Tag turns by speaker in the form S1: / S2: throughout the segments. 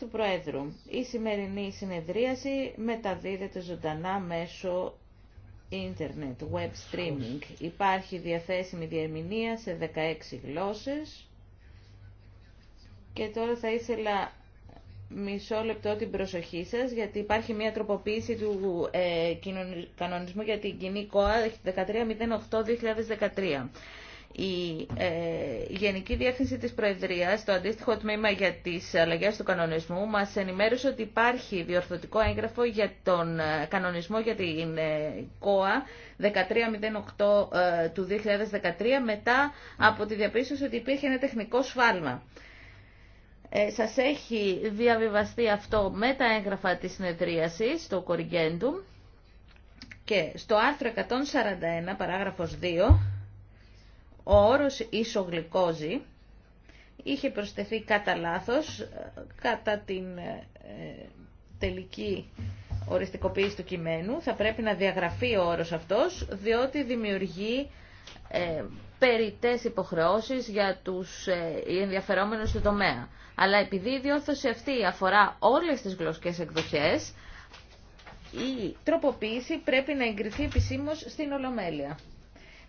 S1: του Προέδρου. Η σημερινή συνεδρίαση μεταδίδεται ζωντανά μέσω ίντερνετ, web streaming. Υπάρχει διαθέσιμη διερμηνία σε 16 γλώσσες. Και τώρα θα ήθελα μισό λεπτό την προσοχή σας, γιατί υπάρχει μια τροποποίηση του ε, κανονισμού για την κοινή ΚΟΑ 1308-2013. Ε, η Γενική Διεύθυνση της Προεδρίας, το αντίστοιχο τμήμα για τις αλλαγές του κανονισμού, μας ενημέρωσε ότι υπάρχει διορθωτικό έγγραφο για τον ε, κανονισμό για την ε, ΚΟΑ 1308 του 2013 μετά από τη διαπίστωση ότι υπήρχε ένα τεχνικό σφάλμα. Ε, σας έχει διαβιβαστεί αυτό με τα έγγραφα της συνεδρίασης, το Κοριγέντου και στο άρθρο 141, παράγραφος 2, ο όρος ισογλυκόζη είχε προσθεθεί κατά λάθο κατά την ε, τελική οριστικοποίηση του κειμένου. Θα πρέπει να διαγραφεί ο όρος αυτός, διότι δημιουργεί ε, περιττές υποχρεώσεις για τους ε, ενδιαφερόμενους του τομέα. Αλλά επειδή η διόρθωση αυτή αφορά όλες τις γλωσσικές εκδοχές, η τροποποίηση πρέπει να εγκριθεί επισήμως στην Ολομέλεια.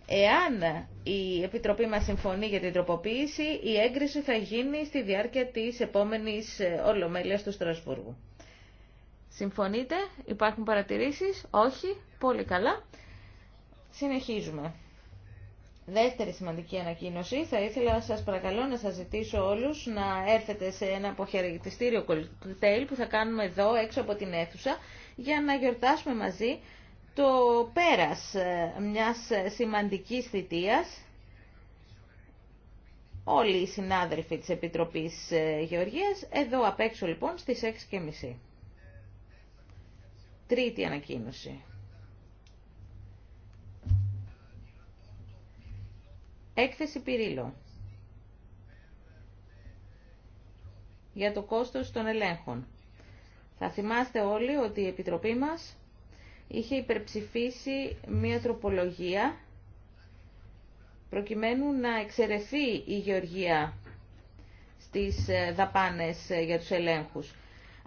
S1: Εάν η Επιτροπή μας συμφωνεί για την τροποποίηση, η έγκριση θα γίνει στη διάρκεια της επόμενης ε, ολομέλειας του Στρασβούργου. Συμφωνείτε, υπάρχουν παρατηρήσεις, όχι, πολύ καλά. Συνεχίζουμε. Δεύτερη σημαντική ανακοίνωση, θα ήθελα σας παρακαλώ να σας ζητήσω όλους να έρθετε σε ένα αποχαιρετιστήριο κοκτέιλ που θα κάνουμε εδώ έξω από την αίθουσα για να γιορτάσουμε μαζί το πέρας ε, μιας ε, σημαντικής θητείας. Όλοι οι συνάδελφοι της Επιτροπής ε, Γεωργίας, εδώ απ' έξω λοιπόν στις 6.30. Τρίτη ανακοίνωση. Έκθεση Πυρίλο. Για το κόστος των ελέγχων. Θα θυμάστε όλοι ότι η Επιτροπή μας είχε υπερψηφίσει μία τροπολογία προκειμένου να εξαιρεθεί η γεωργία στις ε, δαπάνες ε, για τους ελέγχους.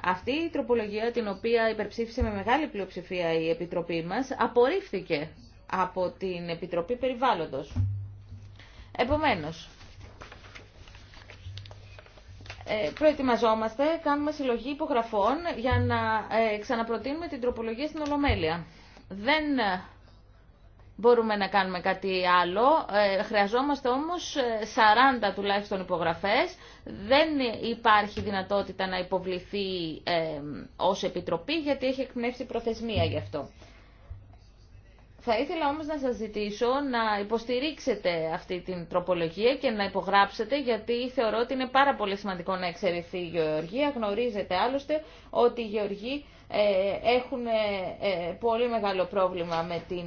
S1: Αυτή η τροπολογία, την οποία υπερψήφισε με μεγάλη πλειοψηφία η Επιτροπή μας, απορρίφθηκε από την Επιτροπή Περιβάλλοντος. Επομένως, ε, προετοιμαζόμαστε, κάνουμε συλλογή υπογραφών για να ε, ξαναπροτείνουμε την τροπολογία στην Ολομέλεια. Δεν ε, μπορούμε να κάνουμε κάτι άλλο. Χρειαζόμαστε όμως 40 τουλάχιστον υπογραφές. Δεν υπάρχει δυνατότητα να υποβληθεί ως Επιτροπή γιατί έχει εκπνεύσει προθεσμία γι' αυτό. Θα ήθελα όμως να σας ζητήσω να υποστηρίξετε αυτή την τροπολογία και να υπογράψετε γιατί θεωρώ ότι είναι πάρα πολύ σημαντικό να εξαιρεθεί η γεωργία. Γνωρίζετε άλλωστε ότι οι γεωργοί ε, έχουν ε, ε, πολύ μεγάλο πρόβλημα με την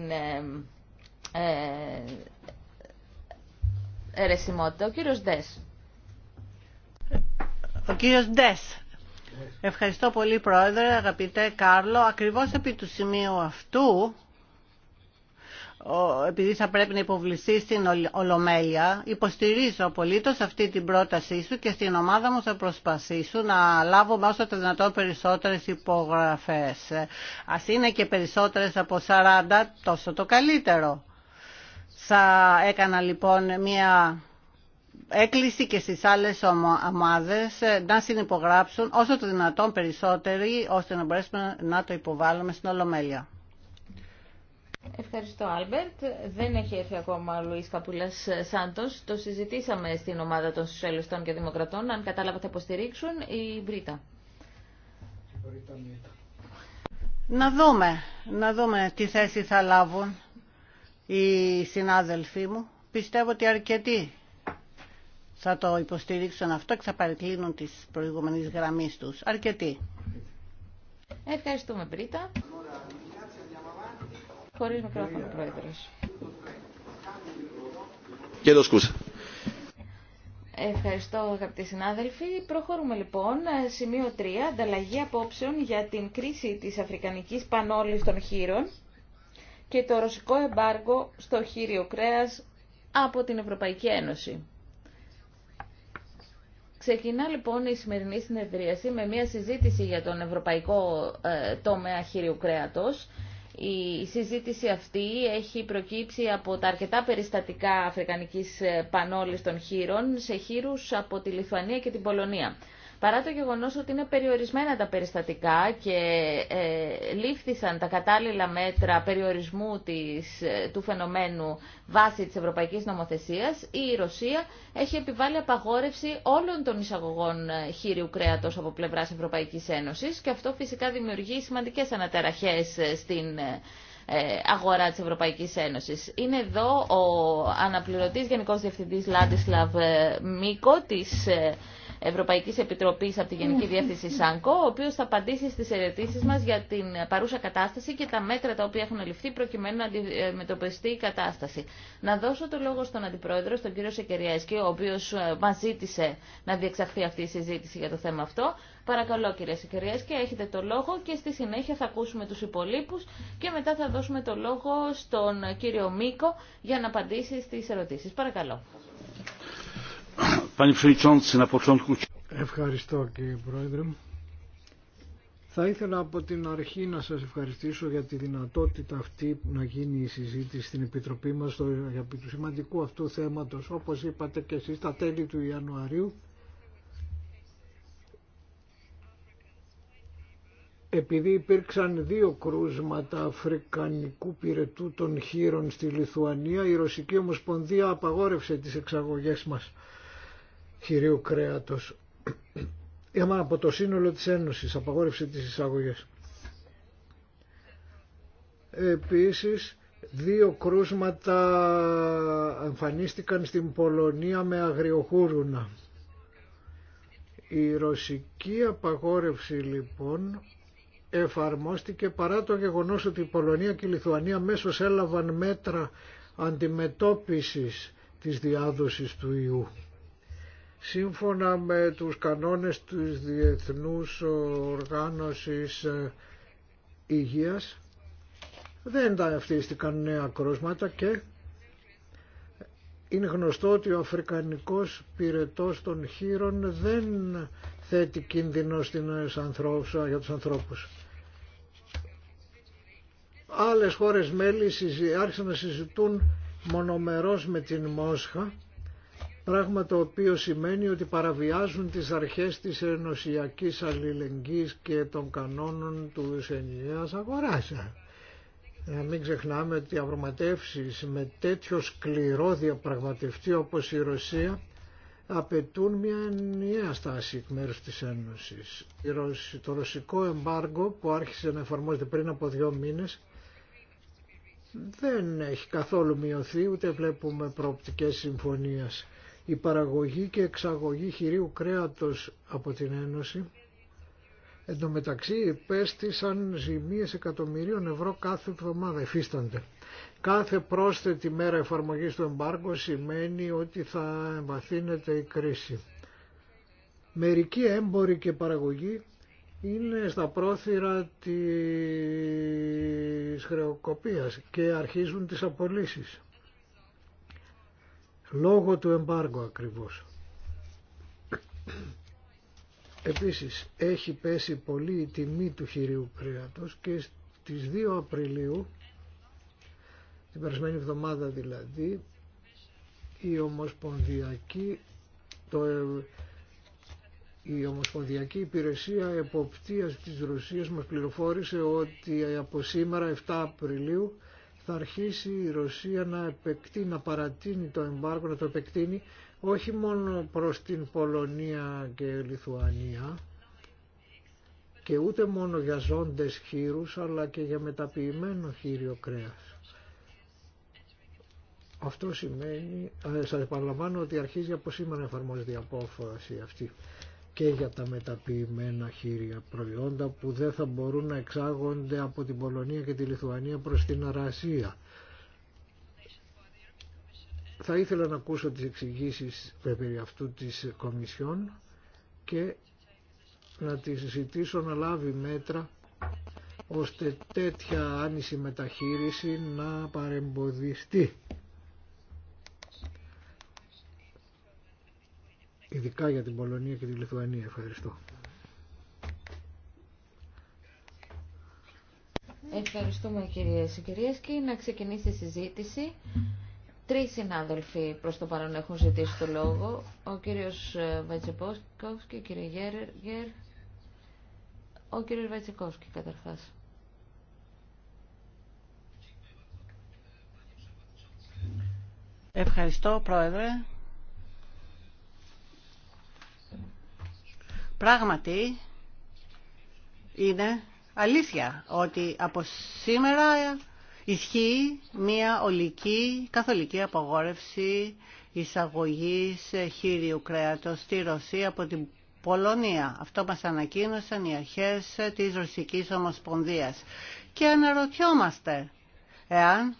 S2: ερεσιμότητα Ο κύριος Ντες. Ο κύριος Δες. Ευχαριστώ πολύ πρόεδρε, αγαπητέ Κάρλο. Ακριβώς επί του σημείου αυτού επειδή θα πρέπει να υποβληθεί στην Ολομέλεια, υποστηρίζω απολύτως αυτή την πρότασή σου και στην ομάδα μου θα προσπαθήσω να λάβουμε όσο το δυνατόν περισσότερες υπογραφές. Ας είναι και περισσότερες από 40, τόσο το καλύτερο. Θα έκανα λοιπόν μια έκκληση και στις άλλες ομάδες να συνυπογράψουν όσο το δυνατόν περισσότεροι ώστε να μπορέσουμε να το υποβάλουμε στην Ολομέλεια.
S1: Ευχαριστώ, Άλμπερτ. Δεν έχει έρθει ακόμα ο Λουί Καπούλα Σάντο. Το συζητήσαμε στην ομάδα των Σοσιαλιστών και Δημοκρατών. Αν κατάλαβα, θα υποστηρίξουν η Μπρίτα.
S2: Να δούμε, να δούμε τι θέση θα λάβουν οι συνάδελφοί μου. Πιστεύω ότι αρκετοί θα το υποστηρίξουν αυτό και θα παρεκκλίνουν τις προηγούμενες γραμμές τους. Αρκετοί. Ευχαριστούμε, Μπρίτα.
S1: Χωρίς Πρόεδρος. Ευχαριστώ αγαπητοί συνάδελφοι. Προχωρούμε λοιπόν. Ε, σημείο 3. Ανταλλαγή απόψεων για την κρίση της Αφρικανικής Πανόλης των Χείρων και το ρωσικό εμπάργο στο χείριο κρέας από την Ευρωπαϊκή Ένωση. Ξεκινά λοιπόν η σημερινή συνεδρίαση με μια συζήτηση για τον ευρωπαϊκό ε, τομέα χείριου κρέατος η συζήτηση αυτή έχει προκύψει από τα αρκετά περιστατικά αφρικανικής ε, πανόλης των χείρων σε χείρους από τη Λιθουανία και την Πολωνία. Παρά το γεγονός ότι είναι περιορισμένα τα περιστατικά και ε, λήφθησαν τα κατάλληλα μέτρα περιορισμού της, ε, του φαινομένου βάσει της ευρωπαϊκής νομοθεσίας, η Ρωσία έχει επιβάλει απαγόρευση όλων των εισαγωγών ε, χείριου κρέατος από πλευράς Ευρωπαϊκής Ένωσης και αυτό φυσικά δημιουργεί σημαντικές αναταραχές ε, στην αγορά της Ευρωπαϊκής Ένωσης. Είναι εδώ ο αναπληρωτής Γενικός Διευθυντής Λάντισλαβ Μίκο της Ευρωπαϊκή Επιτροπή από τη Γενική Διεύθυνση ΣΑΝΚΟ, ο οποίο θα απαντήσει στις ερωτήσει μα για την παρούσα κατάσταση και τα μέτρα τα οποία έχουν ληφθεί προκειμένου να αντιμετωπιστεί η κατάσταση. Να δώσω το λόγο στον Αντιπρόεδρο, στον κύριο Σεκεριέσκη, ο οποίο ε, μα ζήτησε να διεξαχθεί αυτή η συζήτηση για το θέμα αυτό. Παρακαλώ κύριε Σεκεριέσκη, έχετε το λόγο και στη συνέχεια θα ακούσουμε του υπολείπου και μετά θα δώσουμε το λόγο στον κύριο Μίκο για να απαντήσει στι ερωτήσει. Παρακαλώ.
S3: Ευχαριστώ κύριε Πρόεδρε. Θα ήθελα από την αρχή να σας ευχαριστήσω για τη δυνατότητα αυτή να γίνει η συζήτηση στην Επιτροπή μας στο, για του σημαντικού αυτού θέματος. Όπως είπατε και εσείς τα τέλη του Ιανουαρίου επειδή υπήρξαν δύο κρούσματα αφρικανικού πυρετού των χείρων στη Λιθουανία, η Ρωσική Ομοσπονδία απαγόρευσε τις εξαγωγές μας χειρίου κρέατος είχαμε από το σύνολο της Ένωσης, απαγόρευση της εισαγωγές. Επίσης, δύο κρούσματα εμφανίστηκαν στην Πολωνία με αγριοχούρουνα. Η ρωσική απαγόρευση λοιπόν εφαρμόστηκε παρά το γεγονός ότι η Πολωνία και η Λιθουανία μέσω έλαβαν μέτρα αντιμετώπισης της διάδοσης του ιού σύμφωνα με τους κανόνες της Διεθνούς Οργάνωσης ε, Υγείας δεν ευθύστηκαν νέα κρούσματα και είναι γνωστό ότι ο Αφρικανικός πυρετός των χείρων δεν θέτει κίνδυνο ε, ε, για τους ανθρώπους. Άλλες χώρες μέλη άρχισαν να συζητούν μονομερός με την Μόσχα πράγμα το οποίο σημαίνει ότι παραβιάζουν τις αρχές της ενωσιακής αλληλεγγύης και των κανόνων του ενιαίας αγοράς. Να ε, μην ξεχνάμε ότι οι με τέτοιο σκληρό διαπραγματευτή όπως η Ρωσία απαιτούν μια ενιαία στάση εκ μέρους της Ένωσης. Το ρωσικό εμπάργκο που άρχισε να εφαρμόζεται πριν από δύο μήνες δεν έχει καθόλου μειωθεί, ούτε βλέπουμε προοπτικές συμφωνίας η παραγωγή και εξαγωγή χειρίου κρέατος από την Ένωση Εν τω μεταξύ υπέστησαν ζημίες εκατομμυρίων ευρώ κάθε εβδομάδα, εφίστανται. Κάθε πρόσθετη μέρα εφαρμογής του εμπάργου σημαίνει ότι θα εμβαθύνεται η κρίση. Μερικοί έμποροι και παραγωγοί είναι στα πρόθυρα της χρεοκοπίας και αρχίζουν τις απολύσεις. Λόγω του εμπάργου ακριβώς. Επίσης έχει πέσει πολύ η τιμή του χειρίου κρέατος και στις 2 Απριλίου, την περασμένη εβδομάδα δηλαδή, η Ομοσπονδιακή, το, ε, η Ομοσπονδιακή Υπηρεσία Εποπτείας της Ρωσίας μας πληροφόρησε ότι από σήμερα 7 Απριλίου θα αρχίσει η Ρωσία να, επεκτείνει, να παρατείνει το εμπάργο, να το επεκτείνει όχι μόνο προς την Πολωνία και Λιθουανία και ούτε μόνο για ζώντες χείρους αλλά και για μεταποιημένο χείριο κρέας. Αυτό σημαίνει, ε, σας επαναλαμβάνω ότι αρχίζει από σήμερα να εφαρμόζεται η απόφαση αυτή και για τα μεταποιημένα χείρια προϊόντα που δεν θα μπορούν να εξάγονται από την Πολωνία και τη Λιθουανία προς την Αρασία. Θα ήθελα να ακούσω τις εξηγήσεις περί αυτού της Κομισιόν και να τη συζητήσω να λάβει μέτρα ώστε τέτοια άνηση μεταχείριση να παρεμποδιστεί. ειδικά για την Πολωνία και τη Λιθουανία. Ευχαριστώ.
S1: Ευχαριστούμε κυρίε και κυρίε και να ξεκινήσει η συζήτηση. Τρει συνάδελφοι προ το παρόν έχουν ζητήσει το λόγο. Ο κύριο ε, Βατσεπόσκοφσκι, ο κύριο Γέρ, ο κύριο Βατσεκόφσκι καταρχά.
S2: Ευχαριστώ Πρόεδρε. Πράγματι, είναι αλήθεια ότι από σήμερα ισχύει μια ολική καθολική απογόρευση εισαγωγής χείριου κρέατος στη Ρωσία από την Πολωνία. Αυτό μας ανακοίνωσαν οι αρχές της Ρωσικής Ομοσπονδίας. Και αναρωτιόμαστε εάν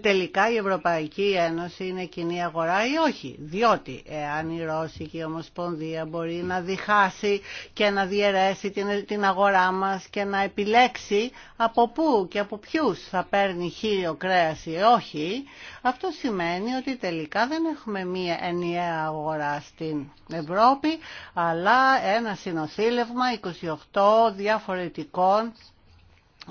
S2: τελικά η Ευρωπαϊκή Ένωση είναι κοινή αγορά ή όχι. Διότι εάν η Ρώσικη Ομοσπονδία μπορεί να διχάσει και να διαιρέσει την, την αγορά μας και να επιλέξει από πού και από ποιους θα παίρνει χείριο κρέας ή όχι, αυτό σημαίνει ότι τελικά δεν έχουμε μία ενιαία αγορά στην Ευρώπη, αλλά ένα συνοθήλευμα 28 διαφορετικών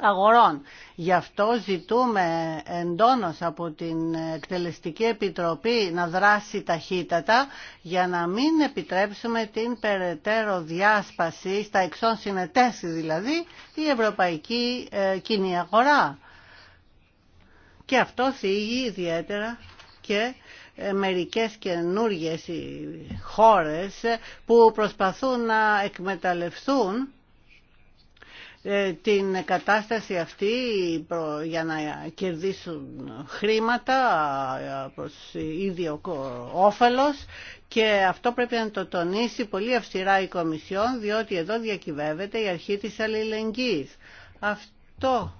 S2: αγορών. Γι' αυτό ζητούμε εντόνως από την Εκτελεστική Επιτροπή να δράσει ταχύτατα για να μην επιτρέψουμε την περαιτέρω διάσπαση στα εξών συνετές δηλαδή η ευρωπαϊκή ε, κοινή αγορά. Και αυτό θίγει ιδιαίτερα και ε, μερικές καινούργιες ε, χώρες που προσπαθούν να εκμεταλλευτούν ε, την κατάσταση αυτή για να κερδίσουν χρήματα ε, προς ίδιο όφελος και αυτό πρέπει να το τονίσει πολύ αυστηρά η Κομισιόν διότι εδώ διακυβεύεται η αρχή της αλληλεγγύης. Αυτό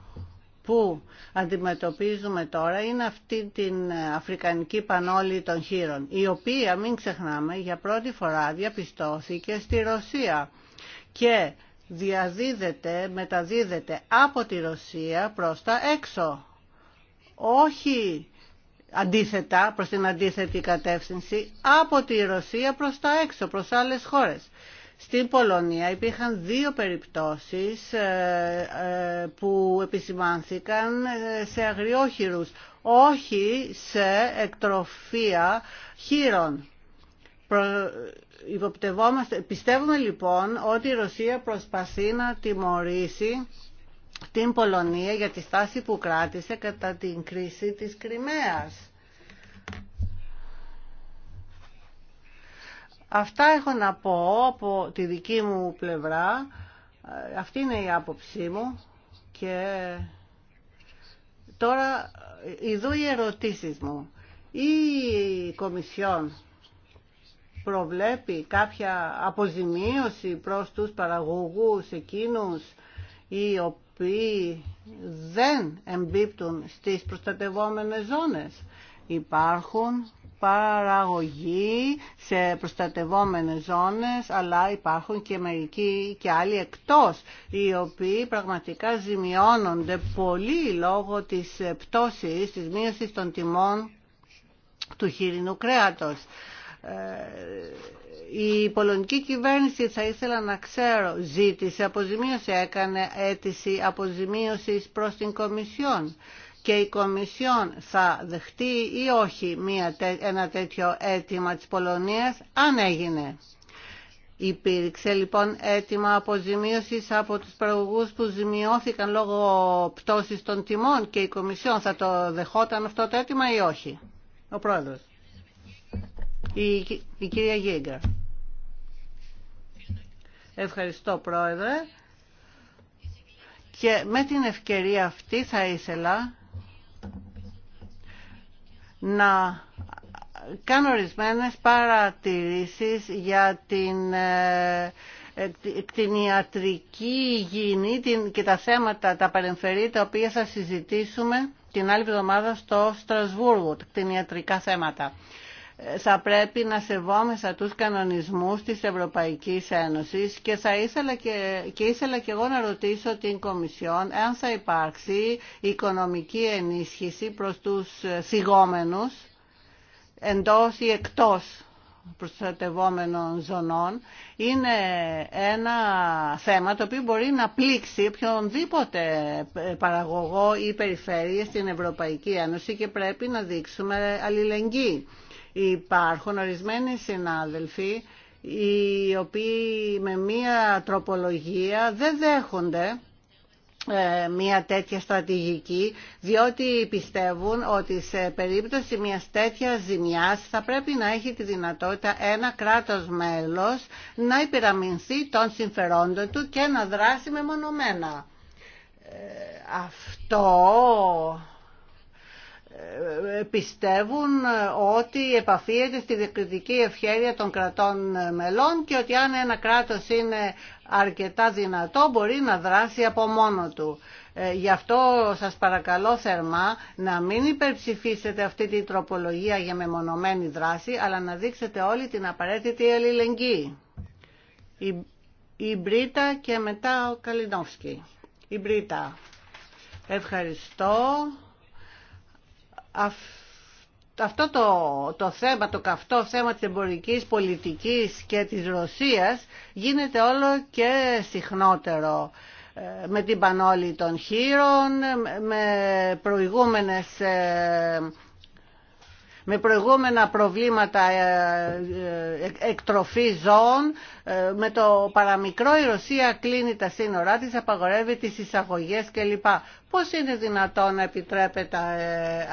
S2: που αντιμετωπίζουμε τώρα είναι αυτή την αφρικανική πανόλη των χείρων η οποία μην ξεχνάμε για πρώτη φορά διαπιστώθηκε στη Ρωσία και διαδίδεται, μεταδίδεται από τη Ρωσία προς τα έξω. Όχι αντίθετα, προς την αντίθετη κατεύθυνση, από τη Ρωσία προς τα έξω, προς άλλες χώρες. Στην Πολωνία υπήρχαν δύο περιπτώσεις ε, ε, που επισημάνθηκαν ε, σε αγριόχειρους, όχι σε εκτροφία χείρων πιστεύουμε λοιπόν ότι η Ρωσία προσπαθεί να τιμωρήσει την Πολωνία για τη στάση που κράτησε κατά την κρίση της Κρυμαίας. Αυτά έχω να πω από τη δική μου πλευρά. Αυτή είναι η άποψή μου και τώρα ειδού οι ερωτήσεις μου. Η Κομισιόν προβλέπει κάποια αποζημίωση προς τους παραγωγούς εκείνους οι οποίοι δεν εμπίπτουν στις προστατευόμενες ζώνες. Υπάρχουν παραγωγοί σε προστατευόμενες ζώνες, αλλά υπάρχουν και μερικοί και άλλοι εκτός, οι οποίοι πραγματικά ζημιώνονται πολύ λόγω της πτώσης, της μείωσης των τιμών του χοιρινού κρέατος. Ε, η πολωνική κυβέρνηση θα ήθελα να ξέρω, ζήτησε αποζημίωση, έκανε αίτηση αποζημίωσης προς την Κομισιόν και η Κομισιόν θα δεχτεί ή όχι μια, ένα τέτοιο αίτημα της Πολωνίας αν έγινε. Υπήρξε λοιπόν αίτημα αποζημίωσης από τους παραγωγούς που ζημιώθηκαν λόγω πτώσης των τιμών και η Κομισιόν θα το δεχόταν αυτό το αίτημα ή όχι. Ο Πρόεδρος. Η, η κυρία Γίγκα. Ευχαριστώ πρόεδρε. Και με την ευκαιρία αυτή θα ήθελα να κάνω ορισμένες παρατηρήσεις για την ε, ε, την ιατρική υγιεινή την, και τα θέματα, τα παρεμφερή, τα οποία θα συζητήσουμε την άλλη εβδομάδα στο Στρασβούργο, την ιατρικά θέματα θα πρέπει να σεβόμεσα τους κανονισμούς της Ευρωπαϊκής Ένωσης και θα ήθελα και, και ήθελα και εγώ να ρωτήσω την Κομισιόν αν θα υπάρξει οικονομική ενίσχυση προς τους θυγόμενους εντός ή εκτός προστατευόμενων ζωνών είναι ένα θέμα το οποίο μπορεί να πλήξει οποιονδήποτε παραγωγό ή περιφέρεια στην Ευρωπαϊκή Ένωση και πρέπει να δείξουμε αλληλεγγύη. Υπάρχουν ορισμένοι συνάδελφοι οι οποίοι με μία τροπολογία δεν δέχονται ε, μια τέτοια στρατηγική διότι πιστεύουν ότι σε περίπτωση μιας τετοια ζημιάς θα πρέπει να έχει τη δυνατότητα ένα κράτος μέλος να υπεραμεινθεί των συμφερόντων του και να δράσει μεμονωμένα. Ε, αυτό πιστεύουν ε, ότι επαφίεται στη διεκριτική ευχέρεια των κρατών ε, μελών και ότι αν ένα κράτος είναι αρκετά δυνατό μπορεί να δράσει από μόνο του. Ε, γι' αυτό σας παρακαλώ θερμά να μην υπερψηφίσετε αυτή την τροπολογία για μεμονωμένη δράση, αλλά να δείξετε όλη την απαραίτητη αλληλεγγύη. Η, η Μπρίτα και μετά ο Καλινόφσκι. Η Μπρίτα. Ευχαριστώ αυτό το, το θέμα, το καυτό θέμα της εμπορικής πολιτικής και της Ρωσίας γίνεται όλο και συχνότερο ε, με την πανόλη των χείρων, με προηγούμενες ε, με προηγούμενα προβλήματα ε, ε, εκτροφής ζώων. Ε, με το παραμικρό η Ρωσία κλείνει τα σύνορά της, απαγορεύει τις εισαγωγές κλπ. Πώς είναι δυνατόν να επιτρέπεται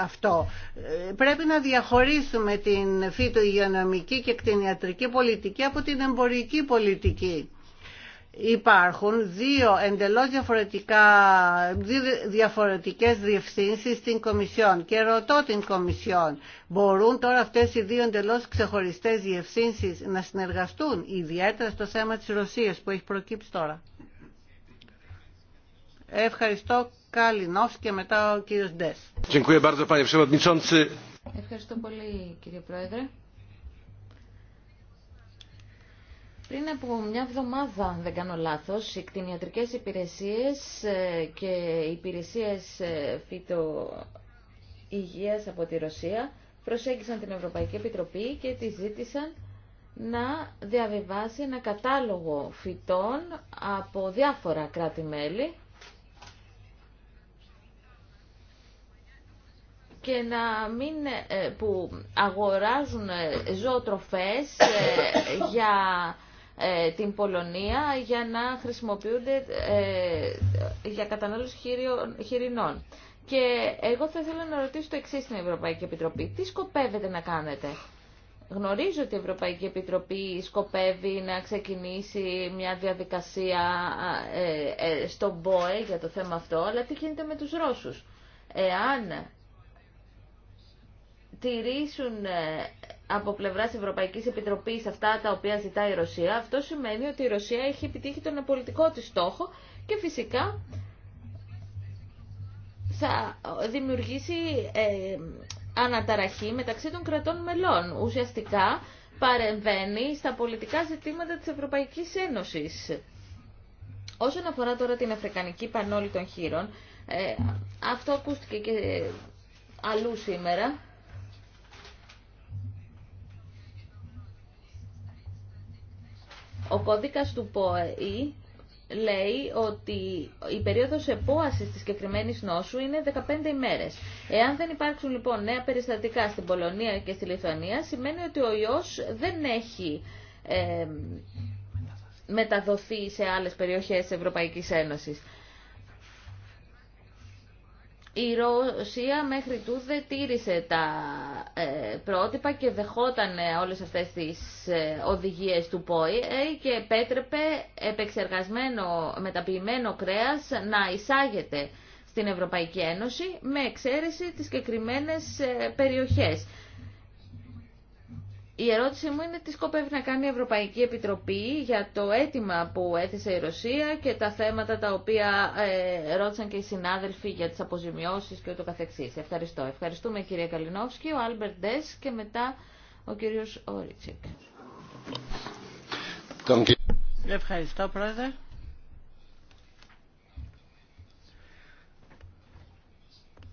S2: αυτό. Πρέπει να διαχωρίσουμε την φυτο και κτηνιατρική πολιτική από την εμπορική πολιτική υπάρχουν δύο εντελώς διαφορετικά, δύο διαφορετικές διευθύνσεις στην Κομισιόν και ρωτώ την Κομισιόν μπορούν τώρα αυτές οι δύο εντελώς ξεχωριστές διευθύνσεις να συνεργαστούν ιδιαίτερα στο θέμα της Ρωσίας που έχει προκύψει τώρα. Ευχαριστώ Καλινόφ και μετά ο κύριος Ντές. Ευχαριστώ πολύ κύριε Πρόεδρε.
S1: Πριν από μια εβδομάδα, αν δεν κάνω λάθος, οι κτηνιατρικές υπηρεσίες ε, και οι υπηρεσίες ε, φυτοϊγείας από τη Ρωσία προσέγγισαν την Ευρωπαϊκή Επιτροπή και τη ζήτησαν να διαβιβάσει ένα κατάλογο φυτών από διάφορα κράτη-μέλη και να μην, ε, που αγοράζουν ζωοτροφές για ε, την Πολωνία για να χρησιμοποιούνται ε, για κατανάλωση χειρινών. Και εγώ θα ήθελα να ρωτήσω το εξή στην Ευρωπαϊκή Επιτροπή. Τι σκοπεύετε να κάνετε. Γνωρίζω ότι η Ευρωπαϊκή Επιτροπή σκοπεύει να ξεκινήσει μια διαδικασία ε, στον ΠΟΕ για το θέμα αυτό, αλλά τι γίνεται με τους Ρώσους. Εάν τηρήσουν από πλευράς Ευρωπαϊκής Επιτροπής αυτά τα οποία ζητάει η Ρωσία, αυτό σημαίνει ότι η Ρωσία έχει επιτύχει τον πολιτικό της στόχο και φυσικά θα δημιουργήσει ε, αναταραχή μεταξύ των κρατών μελών. Ουσιαστικά παρεμβαίνει στα πολιτικά ζητήματα της Ευρωπαϊκής Ένωσης. Όσον αφορά τώρα την Αφρικανική Πανόλη των Χείρων, ε, αυτό ακούστηκε και αλλού σήμερα, Ο κώδικας του ΠΟΕΗ λέει ότι η περίοδος επόασης της συγκεκριμένη νόσου είναι 15 ημέρες. Εάν δεν υπάρξουν λοιπόν νέα περιστατικά στην Πολωνία και στη Λιθουανία, σημαίνει ότι ο ιός δεν έχει ε, μεταδοθεί σε άλλες περιοχές της Ευρωπαϊκής Ένωσης η Ρωσία μέχρι τούδε τήρησε τα ε, πρότυπα και δεχόταν όλες αυτές τις ε, οδηγίες του ΠΟΗ ε, και επέτρεπε επεξεργασμένο μεταποιημένο κρέας να εισάγεται στην Ευρωπαϊκή Ένωση με εξαίρεση τις συγκεκριμένε ε, περιοχές. Η ερώτησή μου είναι τι σκοπεύει να κάνει η Ευρωπαϊκή Επιτροπή για το αίτημα που έθεσε η Ρωσία και τα θέματα τα οποία ε, ρώτησαν και οι συνάδελφοι για τις αποζημιώσεις και ούτω καθεξής. Ευχαριστώ. Ευχαριστούμε κυρία Καλινόφσκη, ο Άλμπερτ Ντες και μετά ο κύριος Όριτσικ.
S2: Ευχαριστώ πρόεδρε.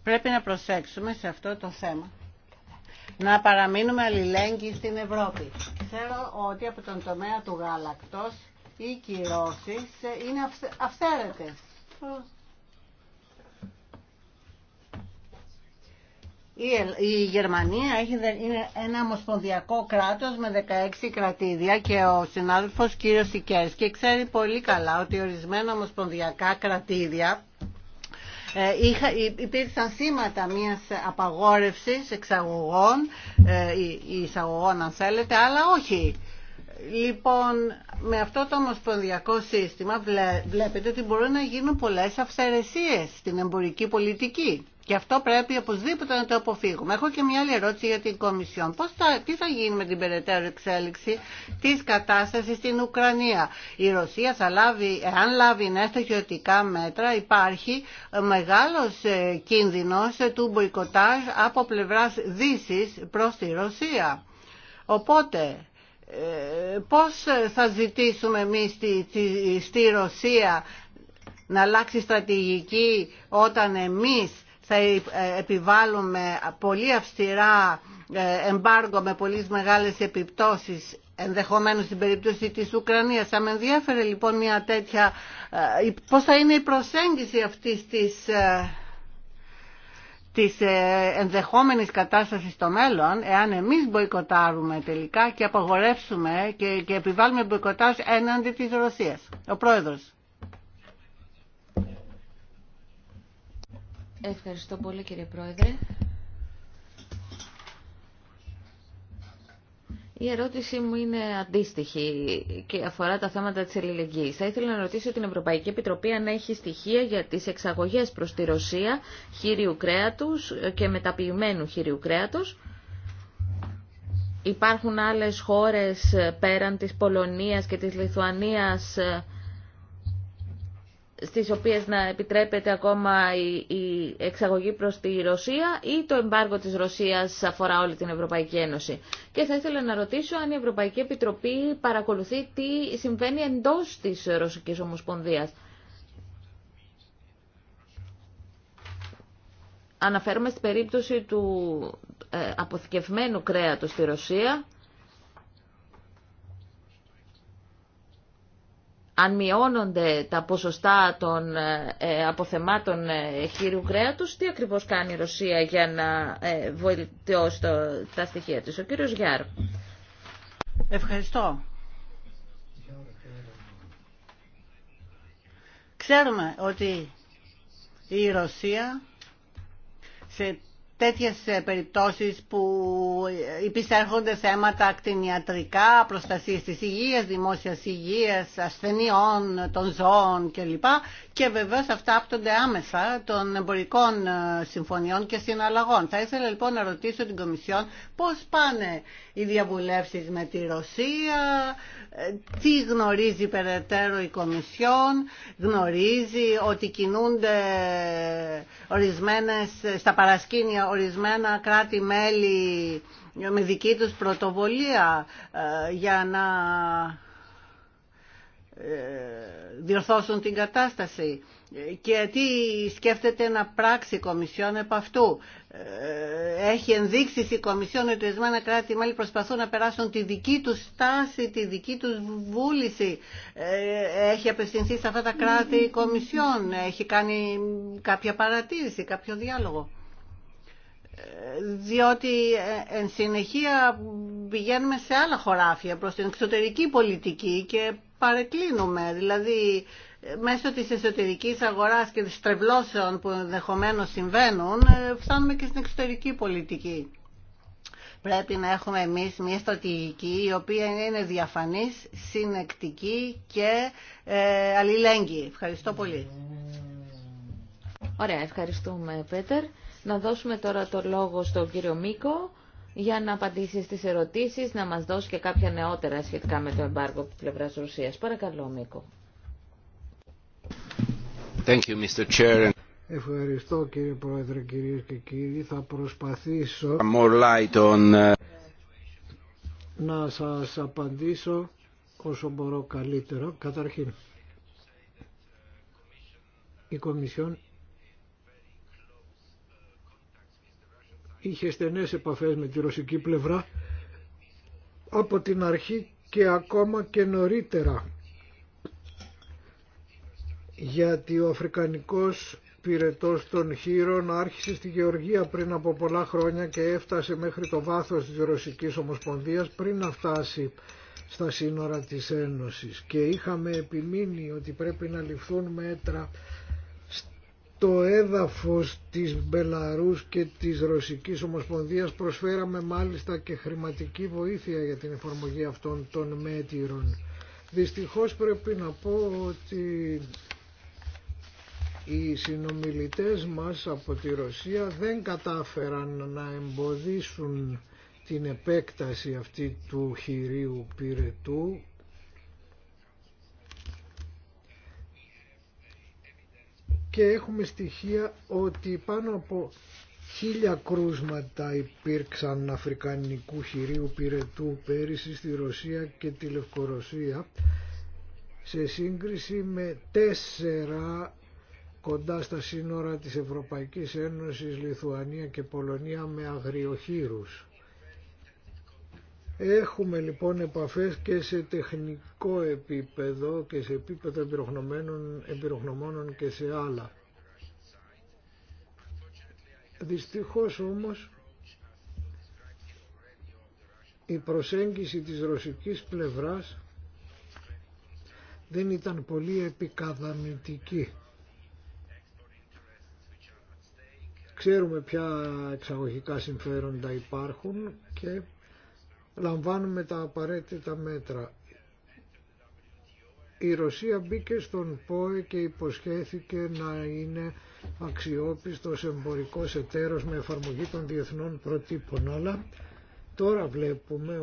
S2: Πρέπει να προσέξουμε σε αυτό το θέμα να παραμείνουμε αλληλέγγυοι στην Ευρώπη. Ξέρω ότι από τον τομέα του γάλακτος οι κυρώσεις είναι αυθαίρετες. Η Γερμανία είναι ένα ομοσπονδιακό κράτος με 16 κρατήδια και ο συνάδελφος κύριος Σικέρσκι ξέρει πολύ καλά ότι ορισμένα ομοσπονδιακά κρατήδια ε, είχα, υπήρξαν σήματα μιας απαγόρευσης εξαγωγών, ε, εισαγωγών αν θέλετε, αλλά όχι. Λοιπόν, με αυτό το ομοσπονδιακό σύστημα βλέπετε ότι μπορούν να γίνουν πολλές αυθαιρεσίες στην εμπορική πολιτική. Και αυτό πρέπει οπωσδήποτε να το αποφύγουμε. Έχω και μια άλλη ερώτηση για την Κομισιόν. Πώς θα, τι θα γίνει με την περαιτέρω εξέλιξη τη κατάστασης στην Ουκρανία. Η Ρωσία θα λάβει, εάν λάβει νέα μέτρα, υπάρχει μεγάλος ε, κίνδυνος του μποϊκοτάζ από πλευρά δύση προς τη Ρωσία. Οπότε, ε, πώς θα ζητήσουμε εμείς στη, στη, στη Ρωσία να αλλάξει στρατηγική όταν εμείς θα ε, επιβάλλουμε πολύ αυστηρά ε, εμπάργο με πολύ μεγάλες επιπτώσεις ενδεχομένως στην περίπτωση της Ουκρανίας. Θα με ενδιαφέρε λοιπόν μια τέτοια... Ε, πώς θα είναι η προσέγγιση αυτή της, της ενδεχόμενης κατάστασης στο μέλλον, εάν εμείς μποϊκοτάρουμε τελικά και απαγορεύσουμε και, και επιβάλλουμε μποϊκοτάζ έναντι της Ρωσίας. Ο Πρόεδρος.
S1: Ευχαριστώ πολύ κύριε Πρόεδρε. Η ερώτησή μου είναι αντίστοιχη και αφορά τα θέματα της ελληνικής. Θα ήθελα να ρωτήσω την Ευρωπαϊκή Επιτροπή αν έχει στοιχεία για τις εξαγωγές προς τη Ρωσία χείριου κρέατους και μεταποιημένου χείριου κρέατος. Υπάρχουν άλλες χώρες πέραν της Πολωνίας και της Λιθουανίας ε, στις οποίες να επιτρέπεται ακόμα η εξαγωγή προς τη Ρωσία ή το εμπάργο της Ρωσίας αφορά όλη την Ευρωπαϊκή Ένωση. Και θα ήθελα να ρωτήσω αν η Ευρωπαϊκή Επιτροπή παρακολουθεί τι συμβαίνει εντός της Ρωσικής Ομοσπονδίας. Αναφέρομαι στην περίπτωση του ε, αποθηκευμένου κρέατος στη Ρωσία αν μειώνονται τα ποσοστά των ε, ε, αποθεμάτων ε, χείρου κρέατος, τι ακριβώς κάνει η Ρωσία για να το τα στοιχεία της. Ο κύριος Γιάρ.
S2: Ευχαριστώ. Ξέρουμε ότι η Ρωσία σε τέτοιες ε, περιπτώσεις που ε, υπησέρχονται θέματα ακτινιατρικά, προστασία της υγείας, δημόσιας υγείας, ασθενειών, των ζώων κλπ. Και βεβαίως αυτά άπτονται άμεσα των εμπορικών ε, συμφωνιών και συναλλαγών. Θα ήθελα λοιπόν να ρωτήσω την Κομισιόν πώς πάνε οι διαβουλεύσεις με τη Ρωσία, τι γνωρίζει περαιτέρω η Κομισιόν, γνωρίζει ότι κινούνται ορισμένες στα παρασκήνια ορισμένα κράτη-μέλη με δική τους πρωτοβολία ε, για να ε, διορθώσουν την κατάσταση και τι σκέφτεται να πράξει η Κομισιόν επ' αυτού. Ε, έχει ενδείξει η Κομισιόν ότι ορισμένα κράτη-μέλη προσπαθούν να περάσουν τη δική τους στάση, τη δική τους βούληση. Έχει απευθυνθεί σε αυτά τα κράτη η Κομισιόν, έχει κάνει κάποια παρατήρηση, κάποιο διάλογο διότι ε, εν συνεχεία πηγαίνουμε σε άλλα χωράφια προς την εξωτερική πολιτική και παρεκκλίνουμε. Δηλαδή μέσω της εσωτερικής αγοράς και της τρευλώσεων που ενδεχομένως συμβαίνουν ε, φτάνουμε και στην εξωτερική πολιτική. Πρέπει να έχουμε εμείς μια στρατηγική η οποία είναι διαφανής, συνεκτική και ε, αλληλέγγυη. Ευχαριστώ πολύ. Ωραία, ευχαριστούμε Πέτερ. Να δώσουμε τώρα
S1: το λόγο στον κύριο Μίκο για να απαντήσει στις ερωτήσεις, να μας δώσει και κάποια νεότερα σχετικά με το εμπάργο από πλευρά Ρωσίας. Παρακαλώ, Μίκο.
S2: Thank you, Mr. Chair.
S3: Ευχαριστώ κύριε Πρόεδρε, κυρίες και κύριοι. Θα προσπαθήσω
S2: More light on... Uh,
S3: να σας απαντήσω όσο μπορώ καλύτερα. Καταρχήν, η Κομισιόν είχε στενές επαφές με τη ρωσική πλευρά από την αρχή και ακόμα και νωρίτερα γιατί ο Αφρικανικός πυρετός των χείρων άρχισε στη Γεωργία πριν από πολλά χρόνια και έφτασε μέχρι το βάθος της Ρωσικής Ομοσπονδίας πριν να φτάσει στα σύνορα της Ένωσης και είχαμε επιμείνει ότι πρέπει να ληφθούν μέτρα το έδαφος της Μπελαρούς και της Ρωσικής Ομοσπονδίας προσφέραμε μάλιστα και χρηματική βοήθεια για την εφαρμογή αυτών των μέτυρων. Δυστυχώς πρέπει να πω ότι οι συνομιλητές μας από τη Ρωσία δεν κατάφεραν να εμποδίσουν την επέκταση αυτή του χειρίου πυρετού και έχουμε στοιχεία ότι πάνω από χίλια κρούσματα υπήρξαν αφρικανικού χειρίου πυρετού πέρυσι στη Ρωσία και τη Λευκορωσία σε σύγκριση με τέσσερα κοντά στα σύνορα της Ευρωπαϊκής Ένωσης Λιθουανία και Πολωνία με αγριοχείρους. Έχουμε λοιπόν επαφές και σε τεχνικό επίπεδο και σε επίπεδο εμπειρογνωμόνων και σε άλλα. Δυστυχώς όμως η προσέγγιση της ρωσικής πλευράς δεν ήταν πολύ επικαδαμητική. Ξέρουμε ποια εξαγωγικά συμφέροντα υπάρχουν και λαμβάνουμε τα απαραίτητα μέτρα. Η Ρωσία μπήκε στον ΠΟΕ και υποσχέθηκε να είναι αξιόπιστος εμπορικός εταίρος με εφαρμογή των διεθνών προτύπων. Αλλά τώρα βλέπουμε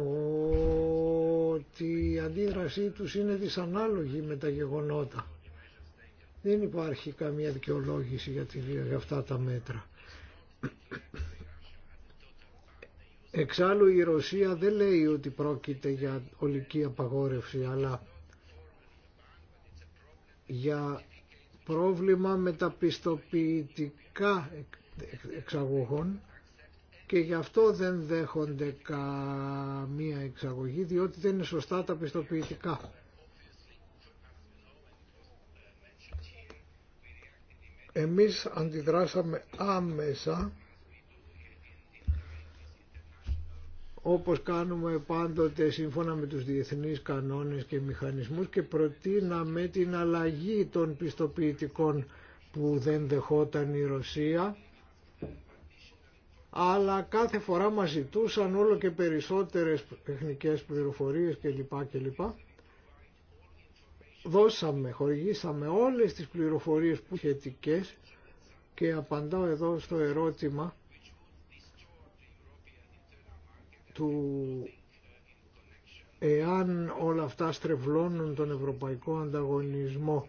S3: ότι η αντίδρασή τους είναι δυσανάλογη με τα γεγονότα. Δεν υπάρχει καμία δικαιολόγηση για αυτά τα μέτρα. Εξάλλου η Ρωσία δεν λέει ότι πρόκειται για ολική απαγόρευση αλλά για πρόβλημα με τα πιστοποιητικά εξαγωγών και γι' αυτό δεν δέχονται καμία εξαγωγή διότι δεν είναι σωστά τα πιστοποιητικά. Εμείς αντιδράσαμε άμεσα όπως κάνουμε πάντοτε σύμφωνα με τους διεθνείς κανόνες και μηχανισμούς και προτείναμε την αλλαγή των πιστοποιητικών που δεν δεχόταν η Ρωσία αλλά κάθε φορά μας ζητούσαν όλο και περισσότερες τεχνικές πληροφορίες κλπ. κλπ. Δώσαμε, χορηγήσαμε όλες τις πληροφορίες που σχετικές και απαντάω εδώ στο ερώτημα του εάν όλα αυτά στρεβλώνουν τον ευρωπαϊκό ανταγωνισμό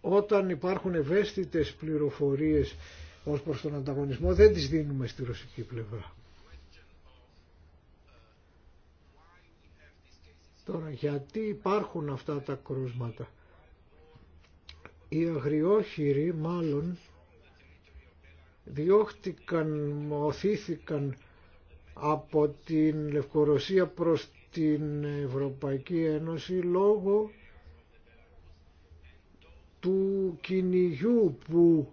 S3: όταν υπάρχουν ευαίσθητες πληροφορίες ως προς τον ανταγωνισμό δεν τις δίνουμε στη ρωσική πλευρά. Τώρα γιατί υπάρχουν αυτά τα κρούσματα. Οι αγριόχειροι μάλλον διώχτηκαν, οθήθηκαν από την Λευκορωσία προς την Ευρωπαϊκή Ένωση λόγω του κυνηγιού που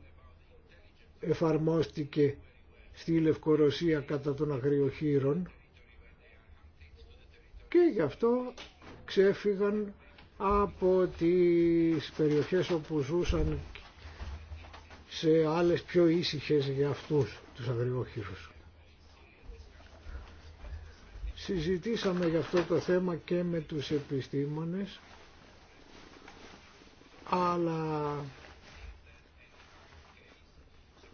S3: εφαρμόστηκε στη Λευκορωσία κατά των αγριοχείρων και γι' αυτό ξέφυγαν από τις περιοχές όπου ζούσαν σε άλλες πιο ήσυχες για αυτούς τους αγριόχειρους. Συζητήσαμε για αυτό το θέμα και με τους επιστήμονες αλλά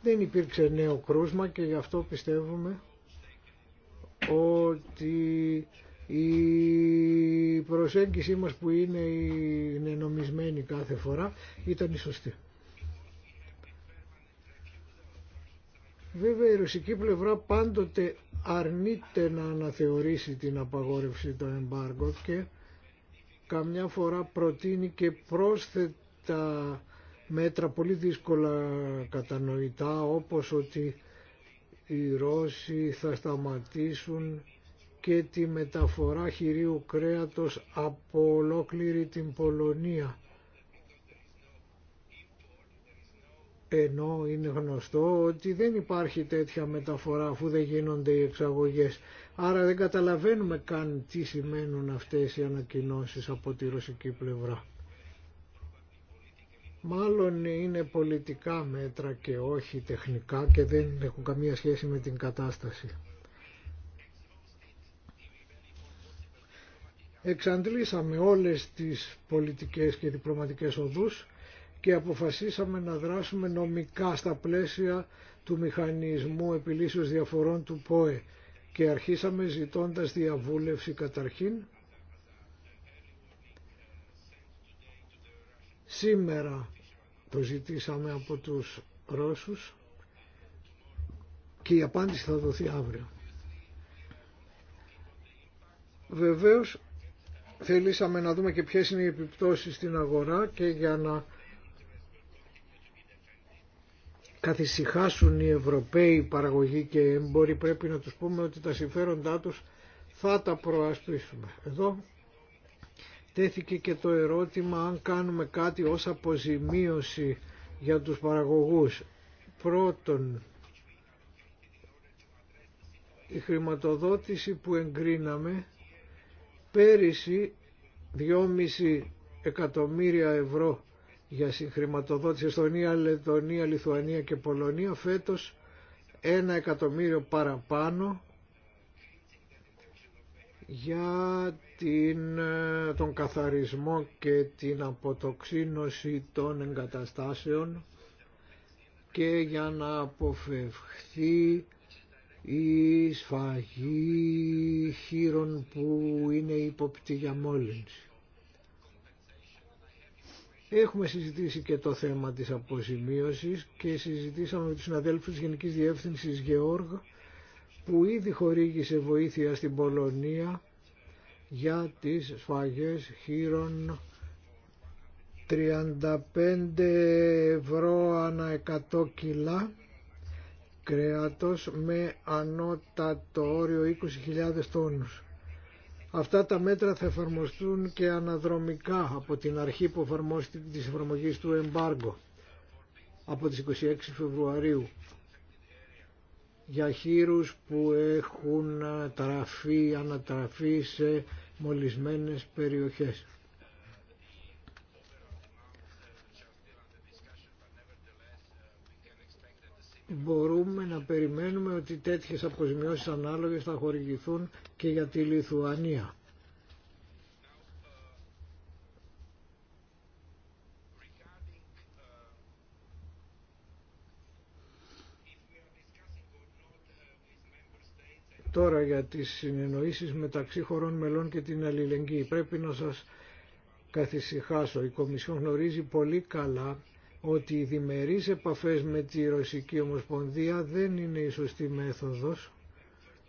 S3: δεν υπήρξε νέο κρούσμα και γι' αυτό πιστεύουμε ότι η προσέγγιση μας που είναι η νομισμένη κάθε φορά ήταν η σωστή. Βέβαια η ρωσική πλευρά πάντοτε αρνείται να αναθεωρήσει την απαγόρευση των εμπάργων και καμιά φορά προτείνει και πρόσθετα μέτρα πολύ δύσκολα κατανοητά όπως ότι οι Ρώσοι θα σταματήσουν και τη μεταφορά χειρίου κρέατος από ολόκληρη την Πολωνία ενώ είναι γνωστό ότι δεν υπάρχει τέτοια μεταφορά αφού δεν γίνονται οι εξαγωγές. Άρα δεν καταλαβαίνουμε καν τι σημαίνουν αυτές οι ανακοινώσεις από τη ρωσική πλευρά. Μάλλον είναι πολιτικά μέτρα και όχι τεχνικά και δεν έχουν καμία σχέση με την κατάσταση. Εξαντλήσαμε όλες τις πολιτικές και διπλωματικές οδούς και αποφασίσαμε να δράσουμε νομικά στα πλαίσια του μηχανισμού επιλύσεως διαφορών του ΠΟΕ και αρχίσαμε ζητώντας διαβούλευση καταρχήν. Σήμερα το ζητήσαμε από τους Ρώσους και η απάντηση θα δοθεί αύριο. Βεβαίως θελήσαμε να δούμε και ποιες είναι οι επιπτώσεις στην αγορά και για να καθησυχάσουν οι Ευρωπαίοι παραγωγοί και έμποροι πρέπει να τους πούμε ότι τα συμφέροντά τους θα τα προασπίσουμε. Εδώ τέθηκε και το ερώτημα αν κάνουμε κάτι ως αποζημίωση για τους παραγωγούς. Πρώτον, η χρηματοδότηση που εγκρίναμε πέρυσι 2,5 εκατομμύρια ευρώ για συγχρηματοδότηση Εστονία, Λετωνία, Λιθουανία και Πολωνία φέτος ένα εκατομμύριο παραπάνω για την, τον καθαρισμό και την αποτοξίνωση των εγκαταστάσεων και για να αποφευχθεί η σφαγή χείρων που είναι υποπτή για μόλυνση. Έχουμε συζητήσει και το θέμα της αποζημίωσης και συζητήσαμε με τους συναδέλφους της Γενικής Διεύθυνσης Γεώργ που ήδη χορήγησε βοήθεια στην Πολωνία για τις σφαγές χείρων 35 ευρώ ανά 100 κιλά κρέατος με ανώτατο όριο 20.000 τόνους. Αυτά τα μέτρα θα εφαρμοστούν και αναδρομικά από την αρχή που εφαρμόστηκε τη εφαρμογής του εμπάργκο από τις 26 Φεβρουαρίου για χείρους που έχουν τραφεί, ανατραφεί σε μολυσμένες περιοχές. μπορούμε να περιμένουμε ότι τέτοιες αποζημιώσεις ανάλογες θα χορηγηθούν και για τη Λιθουανία. Τώρα για τις συνεννοήσεις μεταξύ χωρών μελών και την αλληλεγγύη. Πρέπει να σας καθησυχάσω. Η Κομισιόν γνωρίζει πολύ καλά ότι οι διμερείς επαφές με τη Ρωσική Ομοσπονδία δεν είναι η σωστή μέθοδος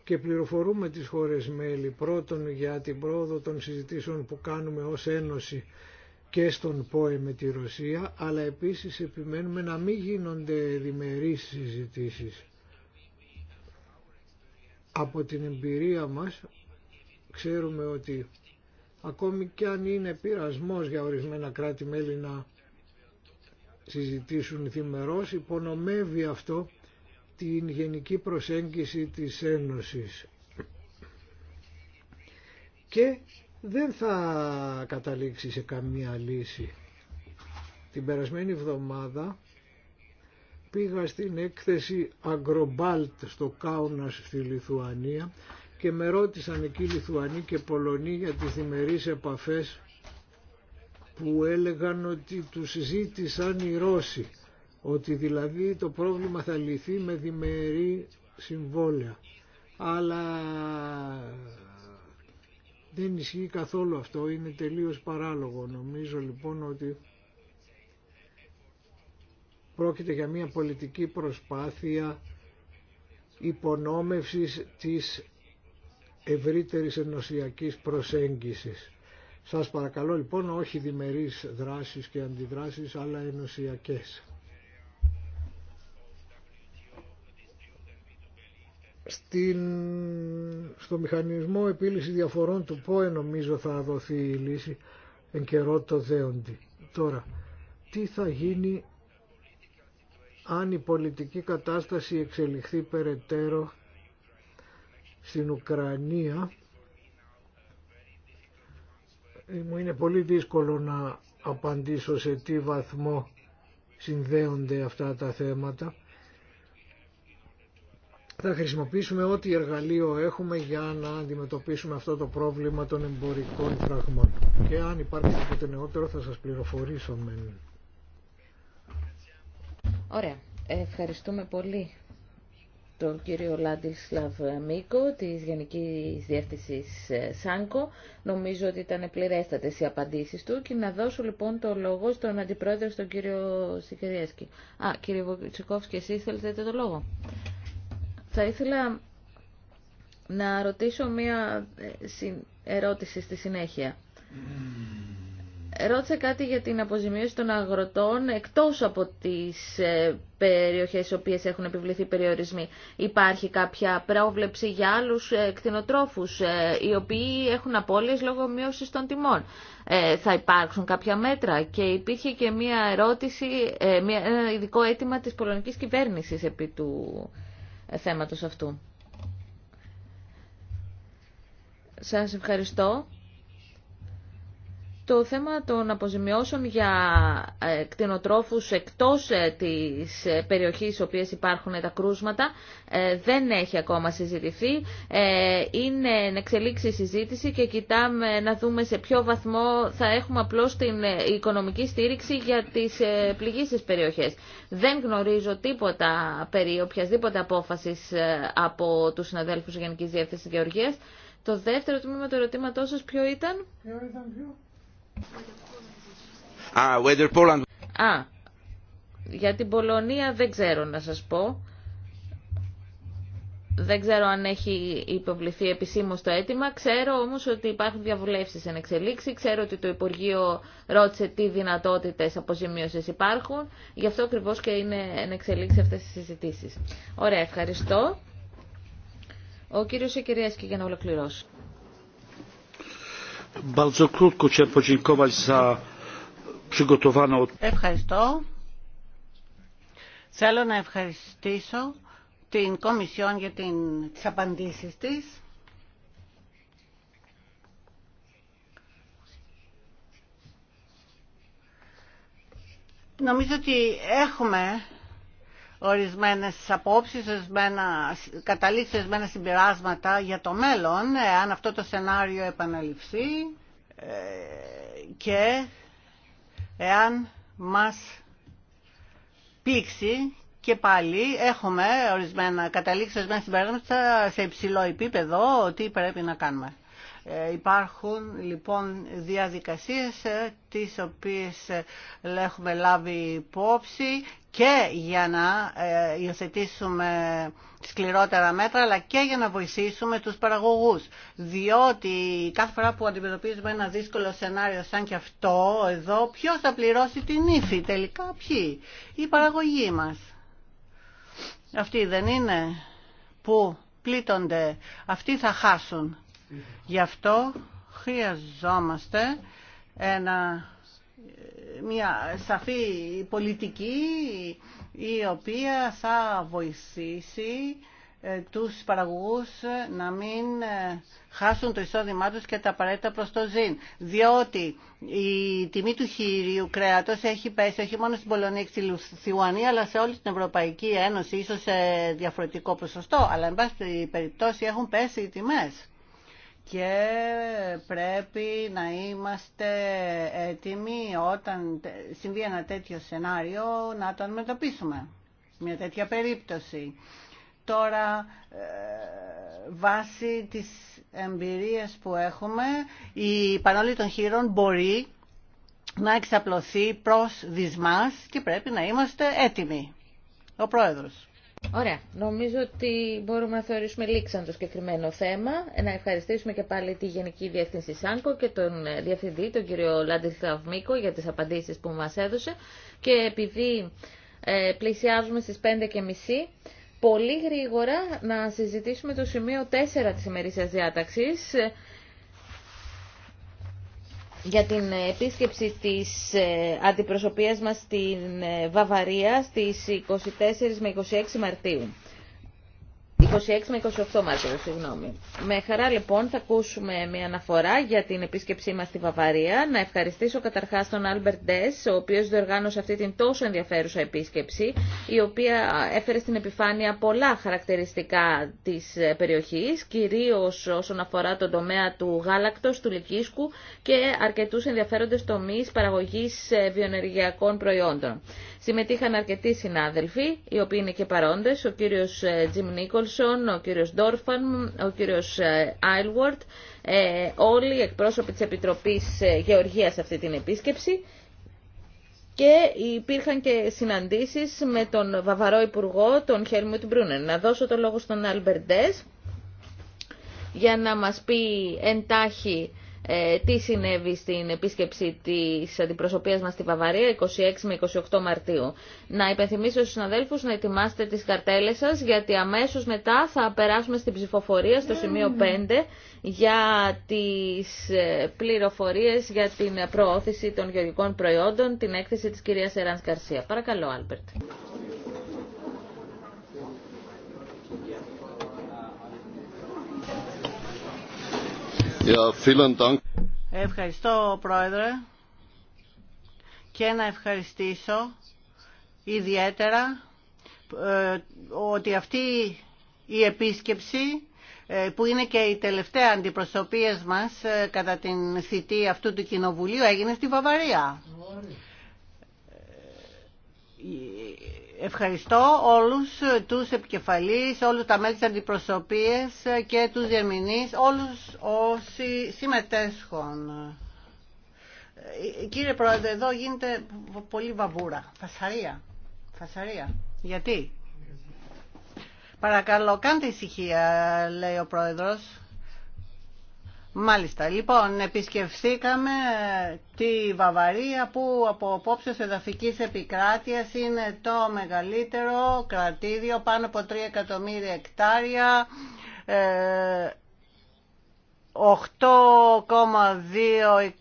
S3: και πληροφορούμε τις χώρες μέλη πρώτον για την πρόοδο των συζητήσεων που κάνουμε ως Ένωση και στον ΠΟΕ με τη Ρωσία, αλλά επίσης επιμένουμε να μην γίνονται διμερείς συζητήσεις. Από την εμπειρία μας ξέρουμε ότι ακόμη κι αν είναι πειρασμός για ορισμένα κράτη-μέλη να συζητήσουν θυμερός υπονομεύει αυτό την γενική προσέγγιση της Ένωσης και δεν θα καταλήξει σε καμία λύση. Την περασμένη εβδομάδα πήγα στην έκθεση Αγκρομπάλτ στο Κάουνας στη Λιθουανία και με ρώτησαν εκεί Λιθουανοί και Πολωνοί για τις διμερείς επαφές που έλεγαν ότι του συζήτησαν οι Ρώσοι, ότι δηλαδή το πρόβλημα θα λυθεί με διμερή συμβόλαια. Αλλά δεν ισχύει καθόλου αυτό, είναι τελείως παράλογο. Νομίζω λοιπόν ότι πρόκειται για μια πολιτική προσπάθεια υπονόμευσης της ευρύτερης ενωσιακής προσέγγισης. Σας παρακαλώ λοιπόν όχι διμερείς δράσεις και αντιδράσεις αλλά ενωσιακές. Στο μηχανισμό επίλυση διαφορών του ΠΟΕ νομίζω θα δοθεί η λύση εν καιρό το δέοντι. Τώρα, τι θα γίνει αν η πολιτική κατάσταση εξελιχθεί περαιτέρω στην Ουκρανία μου είναι πολύ δύσκολο να απαντήσω σε τι βαθμό συνδέονται αυτά τα θέματα. Θα χρησιμοποιήσουμε ό,τι εργαλείο έχουμε για να αντιμετωπίσουμε αυτό το πρόβλημα των εμπορικών φραγμών. Και αν υπάρχει τίποτε νεότερο θα σας πληροφορήσω.
S1: Ωραία. Ευχαριστούμε πολύ τον κύριο Λάντισλαβ Μίκο της Γενικής Διεύθυνσης ε, ΣΑΝΚΟ. Νομίζω ότι ήταν πληρέστατες οι απαντήσεις του και να δώσω λοιπόν το λόγο στον Αντιπρόεδρο, στον κύριο Σικεδιέσκη. Α, κύριε και εσείς θέλετε το λόγο. Θα ήθελα να ρωτήσω μία ε, ερώτηση στη συνέχεια. Ρώτησε κάτι για την αποζημίωση των αγροτών εκτός από τις ε, περιοχές στις οποίες έχουν επιβληθεί περιορισμοί. Υπάρχει κάποια πρόβλεψη για άλλους ε, κτηνοτρόφους ε, οι οποίοι έχουν απώλειες λόγω μείωσης των τιμών. θα υπάρξουν κάποια μέτρα και υπήρχε και μία ερώτηση, μια, ένα ειδικό αίτημα της πολωνικής κυβέρνησης επί του θέματος αυτού. Σας ευχαριστώ το θέμα των αποζημιώσεων για ε, κτηνοτρόφους εκτός ε, της ε, περιοχής στις οποίες υπάρχουν τα κρούσματα δεν έχει ακόμα συζητηθεί. Είναι εξελίξει συζήτηση και κοιτάμε να δούμε σε ποιο βαθμό θα έχουμε απλώς την οικονομική στήριξη για τις πληγήσεις περιοχές. Δεν γνωρίζω τίποτα περί οποιασδήποτε απόφασης από τους συναδέλφους Γενικής Διεύθυνσης Γεωργίας. Το δεύτερο τμήμα του ερωτήματός σας ποιο ήταν? Ποιο ήταν Poland... Α, για την Πολωνία δεν ξέρω να σας πω. Δεν ξέρω αν έχει υποβληθεί επισήμω το αίτημα. Ξέρω όμως ότι υπάρχουν διαβουλεύσεις εν εξελίξη. Ξέρω ότι το Υπουργείο ρώτησε τι δυνατότητες αποζημίωσης υπάρχουν. Γι' αυτό ακριβώ και είναι εν εξελίξη αυτές τις συζητήσεις. Ωραία, ευχαριστώ. Ο κύριος Εκυριέσκη για να ολοκληρώσει.
S2: Ευχαριστώ. Θέλω να ευχαριστήσω την Κομισιόν για την, τις απαντήσεις της. Νομίζω ότι έχουμε ορισμένες απόψεις, ορισμένα, καταλήξει ορισμένα συμπεράσματα για το μέλλον, αν αυτό το σενάριο επαναληφθεί ε, και εάν μας πήξει και πάλι έχουμε ορισμένα, καταλήξει ορισμένα συμπεράσματα σε υψηλό επίπεδο ότι πρέπει να κάνουμε. Ε, υπάρχουν λοιπόν διαδικασίες ε, τις οποίες ε, έχουμε λάβει υπόψη και για να υιοθετήσουμε σκληρότερα μέτρα αλλά και για να βοηθήσουμε τους παραγωγούς. Διότι κάθε φορά που αντιμετωπίζουμε ένα δύσκολο σενάριο σαν και αυτό εδώ ποιος θα πληρώσει την ύφη τελικά ποιοι. Η παραγωγή μας. Αυτοί δεν είναι που πλήττονται. Αυτοί θα χάσουν. Γι' αυτό χρειαζόμαστε ένα, μια σαφή πολιτική η οποία θα βοηθήσει ε, τους παραγωγούς να μην ε, χάσουν το εισόδημά τους και τα απαραίτητα προς το ζήν. Διότι η τιμή του χείριου κρέατος έχει πέσει όχι μόνο στην Πολωνία και στη Λουθιουανία αλλά σε όλη την Ευρωπαϊκή Ένωση, ίσως σε διαφορετικό ποσοστό, αλλά εν πάση περιπτώσει έχουν πέσει οι τιμές και πρέπει να είμαστε έτοιμοι όταν συμβεί ένα τέτοιο σενάριο να το αντιμετωπίσουμε. Μια τέτοια περίπτωση. Τώρα, ε, βάσει της εμπειρίας που έχουμε, η πανόλη των χείρων μπορεί να εξαπλωθεί προς δυσμάς και πρέπει να είμαστε έτοιμοι. Ο Πρόεδρος.
S1: Ωραία. Νομίζω ότι μπορούμε να θεωρήσουμε λήξαν το συγκεκριμένο θέμα. Να ευχαριστήσουμε και πάλι τη Γενική Διεύθυνση ΣΑΝΚΟ και τον ε, Διευθυντή, τον κύριο Λάντι Θαυμίκο, για τις απαντήσεις που μας έδωσε. Και επειδή ε, πλησιάζουμε στις 5.30, πολύ γρήγορα να συζητήσουμε το σημείο 4 της ημερήσιας διάταξης ε, για την επίσκεψη της ε, αντιπροσωπείας μας στην ε, Βαυαρία στις 24 με 26 Μαρτίου με 28 Μαρτίου, συγγνώμη. Με χαρά λοιπόν θα ακούσουμε μια αναφορά για την επίσκεψή μας στη Βαβαρία. Να ευχαριστήσω καταρχάς τον Άλμπερτ Ντες, ο οποίος διοργάνωσε αυτή την τόσο ενδιαφέρουσα επίσκεψη, η οποία έφερε στην επιφάνεια πολλά χαρακτηριστικά της ε, περιοχής, κυρίως όσον αφορά τον τομέα του γάλακτος, του λυκίσκου και αρκετούς ενδιαφέροντες τομείς παραγωγής ε, βιοενεργειακών προϊόντων. Συμμετείχαν αρκετοί συνάδελφοι, οι οποίοι είναι και παρόντες, ο κύριος Τζιμ ε, Νίκολσον, ο κύριος Ντόρφαν, ο κύριος Άιλουαρτ, ε, ε, όλοι οι εκπρόσωποι της Επιτροπής Γεωργίας αυτή την επίσκεψη και υπήρχαν και συναντήσεις με τον Βαβαρό Υπουργό, τον Χέλμουτ Μπρούνερ. Να δώσω το λόγο στον Αλμπερντές για να μας πει εντάχει ε, τι συνέβη στην επίσκεψη της αντιπροσωπείας μας στη Βαβαρία 26 με 28 Μαρτίου. Να υπενθυμίσω στους συναδέλφους να ετοιμάσετε τις καρτέλες σας γιατί αμέσως μετά θα περάσουμε στην ψηφοφορία στο σημείο 5 για τις ε, πληροφορίες για την προώθηση των γεωργικών προϊόντων, την έκθεση της κυρίας Εράνς Καρσία. Παρακαλώ, Άλπερτ.
S2: Ευχαριστώ Πρόεδρε και να ευχαριστήσω ιδιαίτερα ε, ότι αυτή η επίσκεψη ε, που είναι και η τελευταία αντιπροσωπείας μας ε, κατά την θητή αυτού του κοινοβουλίου έγινε στη Βαβαρία. Ευχαριστώ όλους τους επικεφαλείς, όλους τα μέλη της αντιπροσωπείας και τους διερμηνείς, όλους όσοι συμμετέσχουν. Κύριε Πρόεδρε, εδώ γίνεται πολύ βαβούρα. Φασαρία. Φασαρία. Γιατί. Παρακαλώ, κάντε ησυχία, λέει ο Πρόεδρος. Μάλιστα. Λοιπόν, επισκεφθήκαμε τη Βαβαρία που από απόψε εδαφική επικράτεια είναι το μεγαλύτερο κρατήδιο, πάνω από 3 εκατομμύρια εκτάρια. Ε, 8,2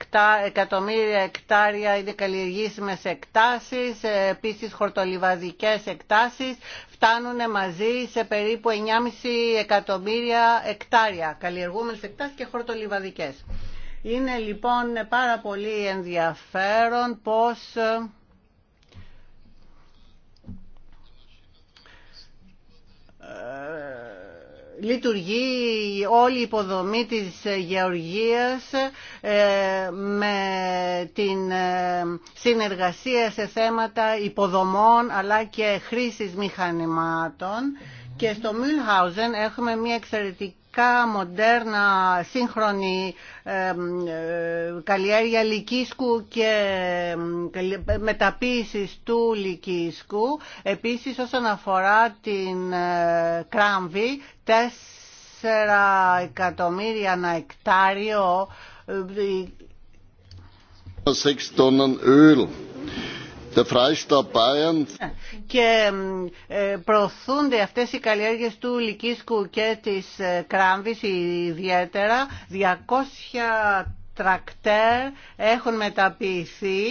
S2: εκατομμύρια εκτάρια είναι καλλιεργήσιμες εκτάσεις, επίσης χορτολιβαδικές εκτάσεις φτάνουν μαζί σε περίπου 9,5 εκατομμύρια εκτάρια, καλλιεργούμενες εκτάσεις και χορτολιβαδικές. Είναι λοιπόν πάρα πολύ ενδιαφέρον πώς ε, λειτουργεί όλη η υποδομή της γεωργίας ε, με την ε, συνεργασία σε θέματα υποδομών αλλά και χρήσης μηχανημάτων και στο Μιλχάουζεν έχουμε μια εξαιρετικά μοντέρνα, σύγχρονη ε, καλλιέργεια λυκίσκου και μεταποίησης του λυκίσκου. Επίσης όσον αφορά την ε, κράμβη, 4 εκατομμύρια ένα εκτάριο. Ε, ε, και ε, προωθούνται αυτές οι καλλιέργειες του Λυκίσκου και της ε, Κράμβης ιδιαίτερα 200 τρακτέρ έχουν μεταποιηθεί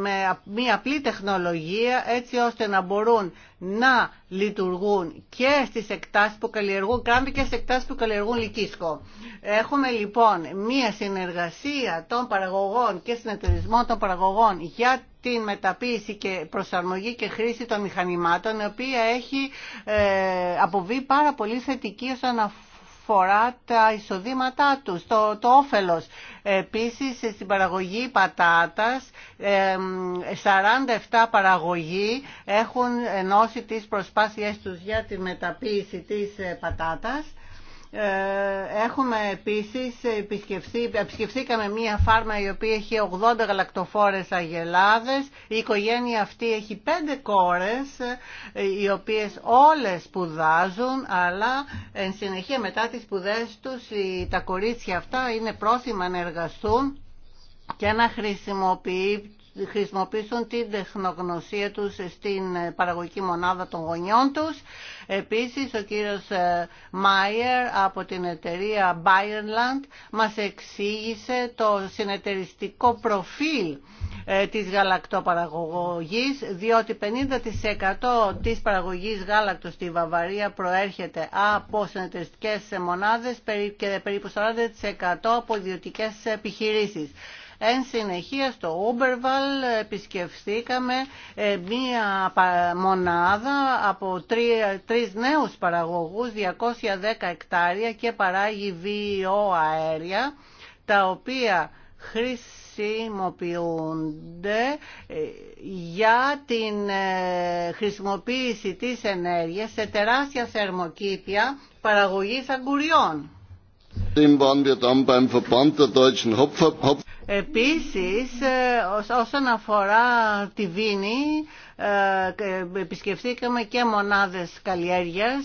S2: με μία απλή τεχνολογία έτσι ώστε να μπορούν να λειτουργούν και στις εκτάσεις που καλλιεργούν κράμπι και στις εκτάσεις που καλλιεργούν λυκίσκο. Έχουμε λοιπόν μία συνεργασία των παραγωγών και συνεταιρισμό των παραγωγών για την μεταποίηση και προσαρμογή και χρήση των μηχανημάτων η οποία έχει ε, αποβεί πάρα πολύ θετική όσον Φορά τα εισοδήματά τους, το, το όφελος. Επίσης στην παραγωγή πατάτας 47 παραγωγοί έχουν ενώσει τις προσπάθειές τους για τη μεταποίηση της ε, πατάτας ε, έχουμε επίσης επισκεφθεί, επισκεφθήκαμε μία φάρμα η οποία έχει 80 γαλακτοφόρες αγελάδες. Η οικογένεια αυτή έχει πέντε κόρες ε, οι οποίες όλες σπουδάζουν αλλά εν συνεχεία μετά τις σπουδές τους τα κορίτσια αυτά είναι πρόθυμα να εργαστούν και να χρησιμοποιήσουν χρησιμοποιήσουν την τεχνογνωσία τους στην ε, παραγωγική μονάδα των γονιών τους. Επίσης, ο κύριος ε, Μάιερ από την εταιρεία Bayernland μας εξήγησε το συνεταιριστικό προφίλ ε, της γαλακτοπαραγωγής, διότι 50% της παραγωγής γάλακτος στη Βαυαρία προέρχεται από συνεταιριστικές μονάδες και περίπου 40% από ιδιωτικές επιχειρήσεις. Εν συνεχεία στο Ούμπερβαλ επισκεφθήκαμε ε, μία μονάδα από τρεις νέους παραγωγούς, 210 εκτάρια και παράγει βιοαέρια, τα οποία χρησιμοποιούνται ε, για την ε, χρησιμοποίηση της ενέργειας σε τεράστια θερμοκήπια παραγωγής αγκουριών. Επίσης, ε, όσον αφορά τη Βίνη, ε, ε, επισκεφθήκαμε και μονάδες καλλιέργειας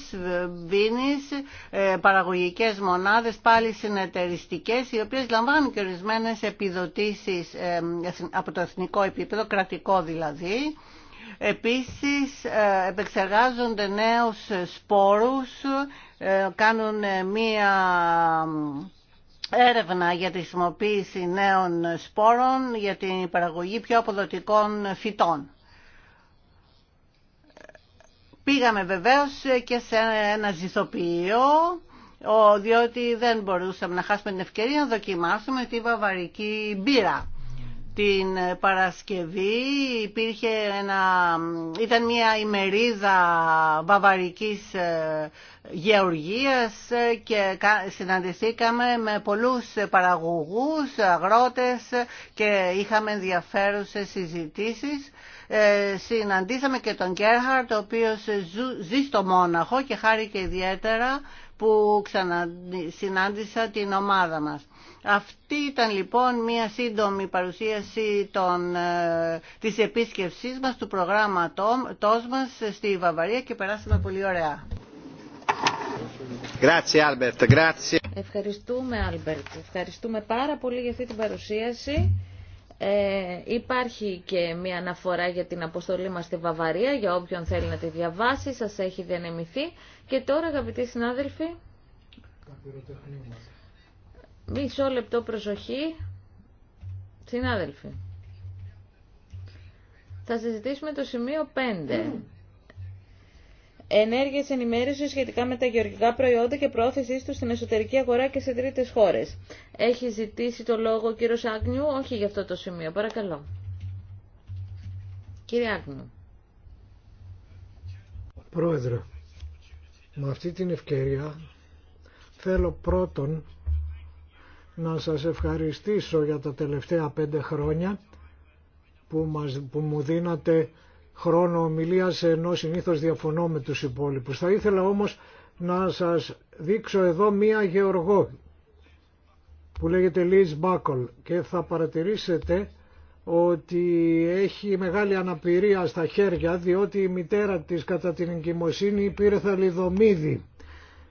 S2: Βίνης, παραγωγικές μονάδες, πάλι συνεταιριστικές, οι οποίες λαμβάνουν και ορισμένε επιδοτήσεις από το εθνικό επίπεδο, κρατικό δηλαδή. Επίσης, επεξεργάζονται νέους σπόρους, κάνουν μία έρευνα για τη χρησιμοποίηση νέων σπόρων για την παραγωγή πιο αποδοτικών φυτών. Πήγαμε βεβαίως και σε ένα ζυθοποιείο, διότι δεν μπορούσαμε να χάσουμε την ευκαιρία να δοκιμάσουμε τη βαβαρική μπύρα. Την Παρασκευή υπήρχε ένα, ήταν μια ημερίδα βαβαρικής ε, γεωργίας ε, και συναντηθήκαμε με πολλούς παραγωγούς, αγρότες και είχαμε ενδιαφέρουσες συζητήσεις. Ε, συναντήσαμε και τον Κέρχαρτ, ο οποίος ζει στο Μόναχο και χάρηκε ιδιαίτερα που ξανασυνάντησα την ομάδα μας. Αυτή ήταν λοιπόν μια σύντομη παρουσίαση των, ε, της επίσκεψής μας, του προγράμματός μας στη Βαβαρία και περάσαμε πολύ ωραία. Ευχαριστούμε, Άλμπερτ. Ευχαριστούμε πάρα πολύ για αυτή την
S1: παρουσίαση. Ε, υπάρχει και μια αναφορά για την αποστολή μας στη Βαβαρία, για όποιον θέλει να τη διαβάσει, σας έχει διανεμηθεί. Και τώρα, αγαπητοί συνάδελφοι, μισό λεπτό προσοχή, συνάδελφοι. Θα συζητήσουμε το σημείο 5 ενέργειες ενημέρωσης σχετικά με τα γεωργικά προϊόντα και προώθησή του στην εσωτερική αγορά και σε τρίτες χώρες. Έχει ζητήσει το λόγο ο κύριος Άγνιου, όχι για αυτό το σημείο. Παρακαλώ. Κύριε Άγνιου.
S3: Πρόεδρε, με αυτή την ευκαιρία θέλω πρώτον να σας ευχαριστήσω για τα τελευταία πέντε χρόνια που, μας, που μου δίνατε χρόνο ομιλίας ενώ συνήθως διαφωνώ με τους υπόλοιπους. Θα ήθελα όμως να σας δείξω εδώ μία γεωργό που λέγεται Liz Buckle και θα παρατηρήσετε ότι έχει μεγάλη αναπηρία στα χέρια διότι η μητέρα της κατά την εγκυμοσύνη πήρε θαλιδομίδι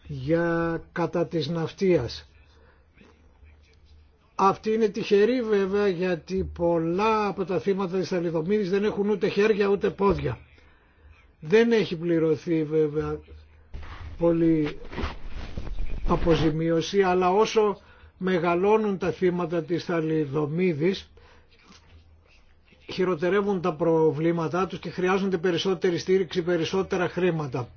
S3: για, κατά της ναυτίας αυτή είναι τυχερή βέβαια γιατί πολλά από τα θύματα της θαλιδομήνης δεν έχουν ούτε χέρια ούτε πόδια. Δεν έχει πληρωθεί βέβαια πολύ αποζημίωση αλλά όσο μεγαλώνουν τα θύματα της θαλιδομίδης χειροτερεύουν τα προβλήματά τους και χρειάζονται περισσότερη στήριξη, περισσότερα χρήματα.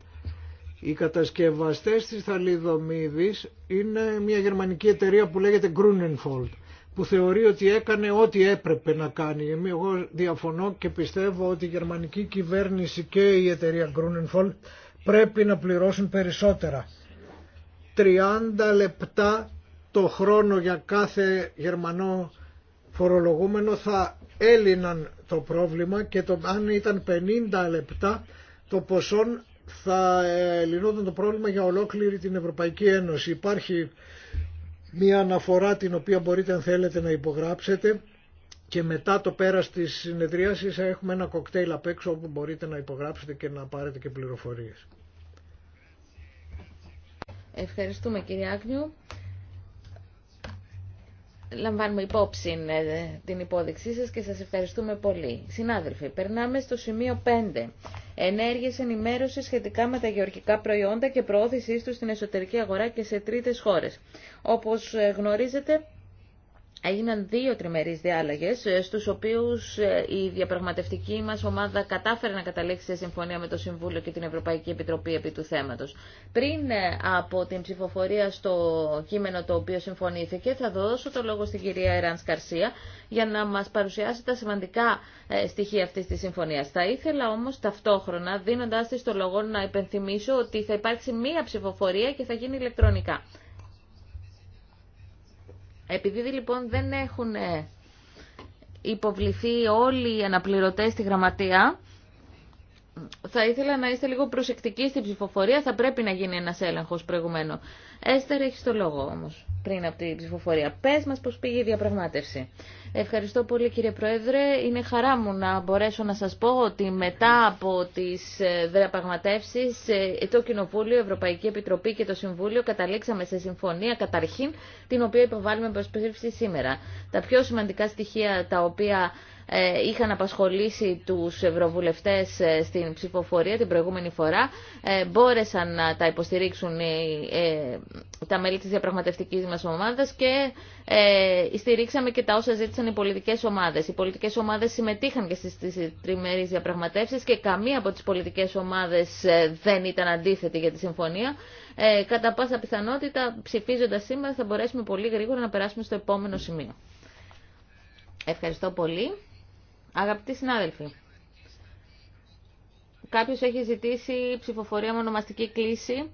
S3: Οι κατασκευαστές της θαλιδομίδης είναι μια γερμανική εταιρεία που λέγεται Grunenfold που θεωρεί ότι έκανε ό,τι έπρεπε να κάνει. εγώ διαφωνώ και πιστεύω ότι η γερμανική κυβέρνηση και η εταιρεία Grunenfold πρέπει να πληρώσουν περισσότερα. 30 λεπτά το χρόνο για κάθε γερμανό φορολογούμενο θα έλυναν το πρόβλημα και το, αν ήταν 50 λεπτά το ποσό θα ε, λυνόταν το πρόβλημα για ολόκληρη την Ευρωπαϊκή Ένωση. Υπάρχει μια αναφορά την οποία μπορείτε αν θέλετε να υπογράψετε και μετά το πέρας της συνεδρίασης έχουμε ένα κοκτέιλ απ' έξω όπου μπορείτε να υπογράψετε και να πάρετε και πληροφορίες.
S1: Ευχαριστούμε κύριε Άγνιου λαμβάνουμε υπόψη ε, την υπόδειξή σας και σας ευχαριστούμε πολύ. Συνάδελφοι, περνάμε στο σημείο 5. Ενέργειες ενημέρωσης σχετικά με τα γεωργικά προϊόντα και προώθησή τους στην εσωτερική αγορά και σε τρίτες χώρες. Όπως ε, γνωρίζετε, έγιναν δύο τριμερείς διάλογες, ε, στους οποίους ε, η διαπραγματευτική μας ομάδα κατάφερε να καταλήξει σε συμφωνία με το Συμβούλιο και την Ευρωπαϊκή Επιτροπή επί του θέματος. Πριν ε, από την ψηφοφορία στο κείμενο το οποίο συμφωνήθηκε, θα δώσω το λόγο στην κυρία Εράνς Καρσία για να μας παρουσιάσει τα σημαντικά στοιχεία αυτής της συμφωνίας. Θα ήθελα όμως ταυτόχρονα, δίνοντάς της το λόγο, να υπενθυμίσω ότι θα υπάρξει μία ψηφοφορία και θα γίνει ηλεκτρονικά. Επειδή λοιπόν δεν έχουν ε, υποβληθεί όλοι οι αναπληρωτές στη γραμματεία, θα ήθελα να είστε λίγο προσεκτικοί στην ψηφοφορία, θα πρέπει να γίνει ένας έλεγχος προηγουμένου. Έστερ, έχει το λόγο όμω, πριν από την ψηφοφορία. Πε μα πω πήγε η διαπραγμάτευση. Ευχαριστώ πολύ κύριε Πρόεδρε. Είναι χαρά μου να μπορέσω να σας πω ότι μετά από τις ε, διαπραγματεύσεις ε, το Κοινοβούλιο, η Ευρωπαϊκή Επιτροπή και το Συμβούλιο καταλήξαμε σε συμφωνία καταρχήν την οποία υποβάλλουμε προς σήμερα. Τα πιο σημαντικά στοιχεία τα οποία ε, είχαν απασχολήσει τους ευρωβουλευτές στην ψηφοφορία την προηγούμενη φορά μπόρεσαν να τα υποστηρίξουν οι τα μέλη της διαπραγματευτικής μας ομάδας και ε, στηρίξαμε και τα όσα ζήτησαν οι πολιτικές ομάδες. Οι πολιτικές ομάδες συμμετείχαν και στις, στις τριμερείς διαπραγματεύσεις και καμία από τις πολιτικές ομάδες ε, δεν ήταν αντίθετη για τη συμφωνία. Ε, κατά πάσα πιθανότητα ψηφίζοντας σήμερα θα μπορέσουμε πολύ γρήγορα να περάσουμε στο επόμενο σημείο. Ευχαριστώ πολύ. Αγαπητοί συνάδελφοι, κάποιος έχει ζητήσει ψηφοφορία με ονομαστική κλίση.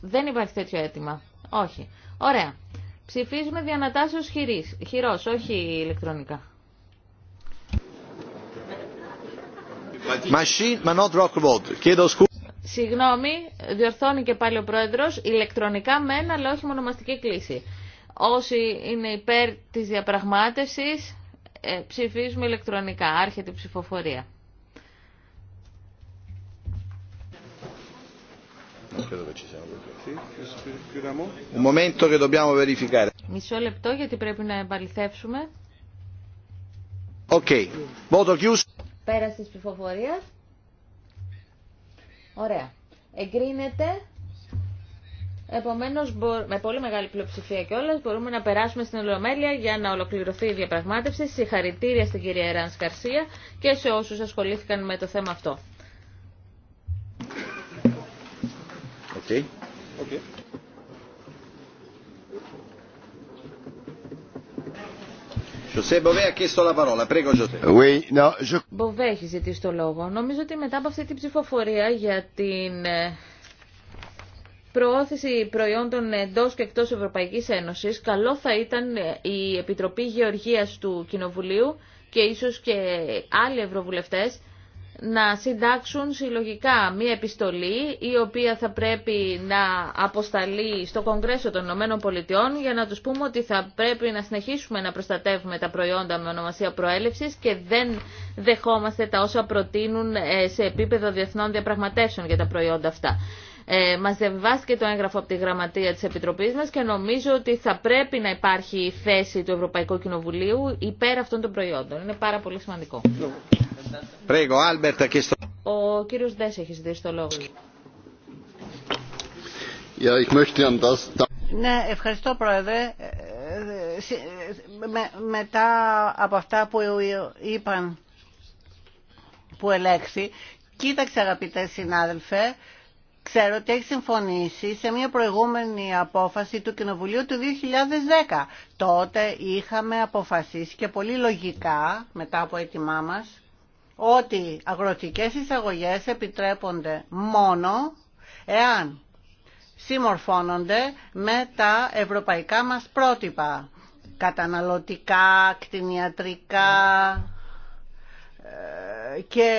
S1: Δεν υπάρχει τέτοιο αίτημα. Όχι. Ωραία. Ψηφίζουμε διανατάσεως χείρις, Χειρός, όχι ηλεκτρονικά. Συγγνώμη, διορθώνει και πάλι ο πρόεδρος, ηλεκτρονικά ένα, αλλά όχι μονομαστική κλίση. Όσοι είναι υπέρ της διαπραγμάτευσης, ε, ψηφίζουμε ηλεκτρονικά, άρχεται η ψηφοφορία. Μισό λεπτό γιατί πρέπει να επαληθεύσουμε. κιούς. Πέρα τη ψηφοφορία. Ωραία. Εγκρίνεται. Επομένως με πολύ μεγάλη πλειοψηφία κιόλα, μπορούμε να περάσουμε στην Ολομέλεια για να ολοκληρωθεί η διαπραγμάτευση. Συγχαρητήρια στην κυρία Εράν Καρσία και σε όσους ασχολήθηκαν με το θέμα αυτό. Okay. Okay.
S3: José Bové, oui,
S2: no, je...
S1: έχει ζητήσει το λόγο. Νομίζω ότι μετά από αυτή την ψηφοφορία για την ε, προώθηση προϊόντων εντό και εκτό Ευρωπαϊκή Ένωση, καλό θα ήταν ε, η Επιτροπή Γεωργία του Κοινοβουλίου και ίσω και άλλοι ευρωβουλευτέ να συντάξουν συλλογικά μία επιστολή η οποία θα πρέπει να αποσταλεί στο Κογκρέσο των Ηνωμένων Πολιτειών για να τους πούμε ότι θα πρέπει να συνεχίσουμε να προστατεύουμε τα προϊόντα με ονομασία προέλευσης και δεν δεχόμαστε τα όσα προτείνουν ε, σε επίπεδο διεθνών διαπραγματεύσεων για τα προϊόντα αυτά. Ε, μας διαβιβάστηκε το έγγραφο από τη γραμματεία της Επιτροπής μας και νομίζω ότι θα πρέπει να υπάρχει θέση του Ευρωπαϊκού Κοινοβουλίου υπέρ αυτών των προϊόντων. Είναι πάρα πολύ σημαντικό. Ναι.
S2: Ο κύριος Ντές έχει ζητήσει το λόγο. Ναι, ευχαριστώ Πρόεδρε. Ε, ε, ε, μετά από αυτά που είπαν, που ελέγχθη, κοίταξε αγαπητέ συνάδελφε, ξέρω ότι έχει συμφωνήσει σε μια προηγούμενη απόφαση του Κοινοβουλίου του 2010. Τότε είχαμε αποφασίσει και πολύ λογικά, μετά από έτοιμά μας, ότι αγροτικές εισαγωγές επιτρέπονται μόνο εάν συμμορφώνονται με τα ευρωπαϊκά μας πρότυπα καταναλωτικά, κτηνιατρικά ε, και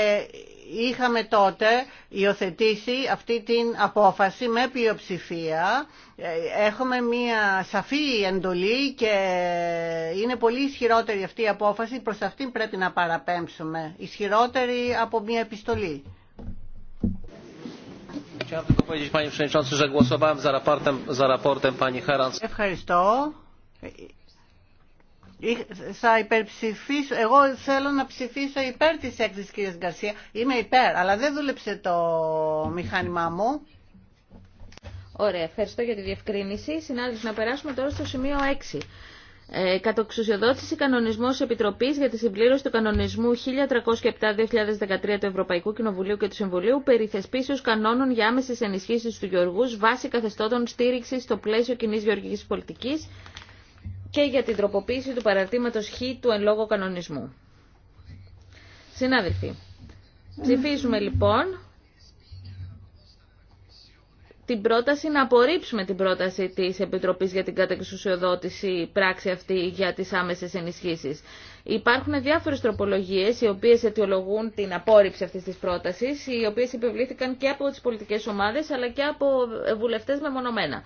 S2: είχαμε τότε υιοθετήσει αυτή την απόφαση με πλειοψηφία. Έχουμε μία σαφή εντολή και είναι πολύ ισχυρότερη αυτή η απόφαση. Προς αυτήν πρέπει να παραπέμψουμε. Ισχυρότερη από μία επιστολή. Ευχαριστώ θα υπερψηφίσω, εγώ θέλω να ψηφίσω υπέρ της έκθεσης κυρίας Γκαρσία. Είμαι υπέρ, αλλά δεν δούλεψε το μηχάνημά μου. Ωραία, ευχαριστώ για
S1: τη διευκρίνηση. Συνάδελφοι, να περάσουμε τώρα στο σημείο 6. Ε, κατοξουσιοδότηση κανονισμός Επιτροπής για τη συμπλήρωση του κανονισμού 1307-2013 του Ευρωπαϊκού Κοινοβουλίου και του Συμβουλίου περί θεσπίσεως κανόνων για άμεσες ενισχύσεις του Γεωργούς βάσει καθεστώτων στήριξης στο πλαίσιο κοινή γεωργικής πολιτικής και για την τροποποίηση του παραρτήματος Χ του εν λόγω κανονισμού. Συνάδελφοι, ψηφίζουμε λοιπόν την πρόταση να απορρίψουμε την πρόταση της Επιτροπής για την κατεξουσιοδότηση πράξη αυτή για τις άμεσες ενισχύσεις. Υπάρχουν διάφορες τροπολογίες οι οποίες αιτιολογούν την απόρριψη αυτής της πρότασης, οι οποίες επιβλήθηκαν και από τις πολιτικές ομάδες αλλά και από βουλευτές μεμονωμένα.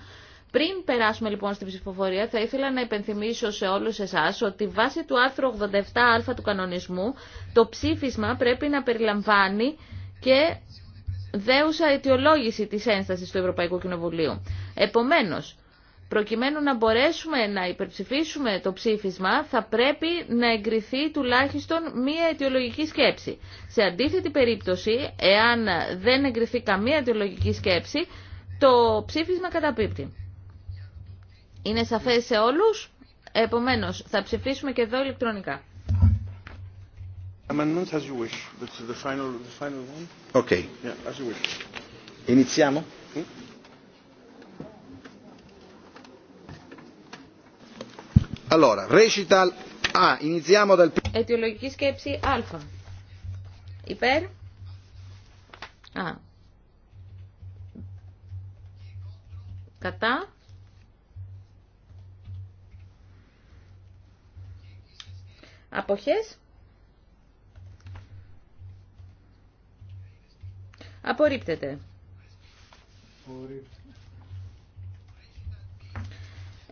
S1: Πριν περάσουμε λοιπόν στην ψηφοφορία, θα ήθελα να υπενθυμίσω σε όλους εσάς ότι βάσει του άρθρου 87α του κανονισμού, το ψήφισμα πρέπει να περιλαμβάνει και δέουσα αιτιολόγηση της ένστασης του Ευρωπαϊκού Κοινοβουλίου. Επομένως, προκειμένου να μπορέσουμε να υπερψηφίσουμε το ψήφισμα, θα πρέπει να εγκριθεί τουλάχιστον μία αιτιολογική σκέψη. Σε αντίθετη περίπτωση, εάν δεν εγκριθεί καμία αιτιολογική σκέψη, το ψήφισμα καταπίπτει. Είναι σαφές σε όλους. Επομένως, θα ψηφίσουμε και εδώ ηλεκτρονικά.
S3: Allora, recital A. Ah, iniziamo
S1: Αιτιολογική σκέψη Α. Υπέρ. Κατά. Αποχές. Απορρίπτεται.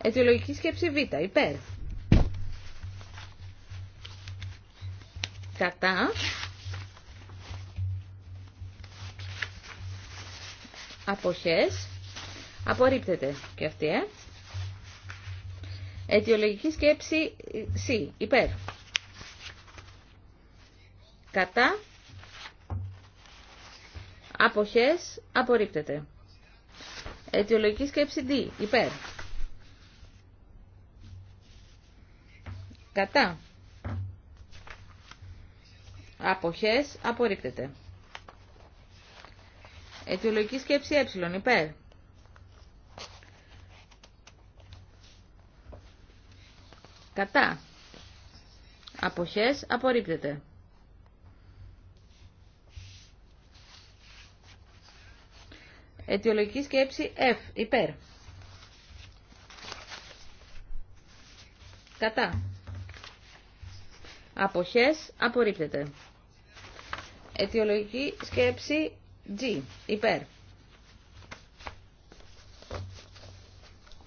S1: Αιτιολογική σκέψη Β. Υπέρ. Κατά. Αποχές. Απορρίπτεται και αυτή, ε. Αιτιολογική σκέψη ε, Σ. Υπέρ. Κατά. Αποχές. Απορρίπτεται. Αιτιολογική σκέψη D. Υπέρ. Κατά. Αποχές. Απορρίπτεται. Αιτιολογική σκέψη ε. Υπέρ. Κατά. Αποχές. Απορρίπτεται. Αιτιολογική σκέψη F. Υπέρ. Κατά. Αποχές. Απορρίπτεται. Αιτιολογική σκέψη G. Υπέρ.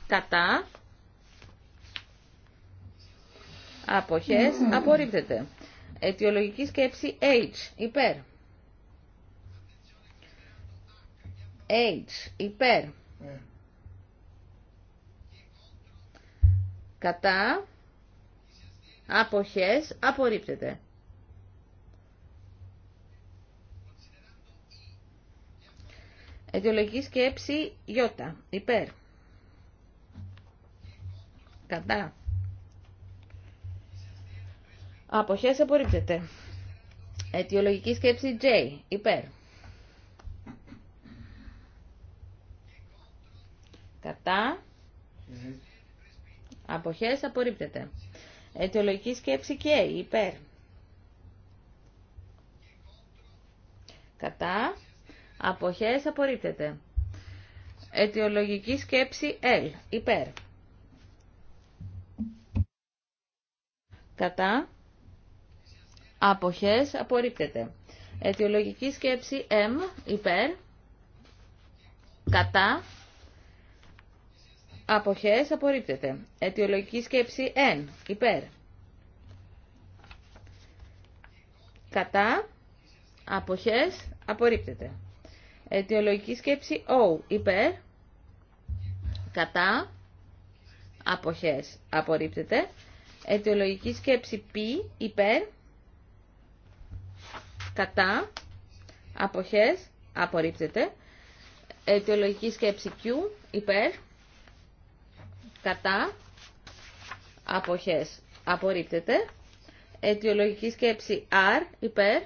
S1: Κατά. Αποχές. Απορρίπτεται. Αιτιολογική σκέψη H. Υπέρ. H υπέρ ναι. κατά αποχές απορρίπτεται. Αιτιολογική σκέψη Ι υπέρ κατά αποχές απορρίπτεται. Αιτιολογική σκέψη J υπέρ Κατά. Αποχές απορρίπτεται. Αιτιολογική σκέψη και υπέρ. Κατά. Αποχές απορρίπτεται. Αιτιολογική σκέψη L. Υπέρ. Κατά. Αποχές απορρίπτεται. Αιτιολογική σκέψη M. Υπέρ. Κατά. Αποχές απορρίπτεται. Αιτιολογική σκέψη N. Υπέρ. Κατά. Αποχές απορρίπτεται. Αιτιολογική σκέψη O. Υπέρ. Κατά. Αποχές απορρίπτεται. Αιτιολογική σκέψη P. Υπέρ. Κατά. Αποχές απορρίπτεται. Αιτιολογική σκέψη Q, υπέρ, κατά, αποχές, απορρίπτεται. Αιτιολογική σκέψη R, υπέρ,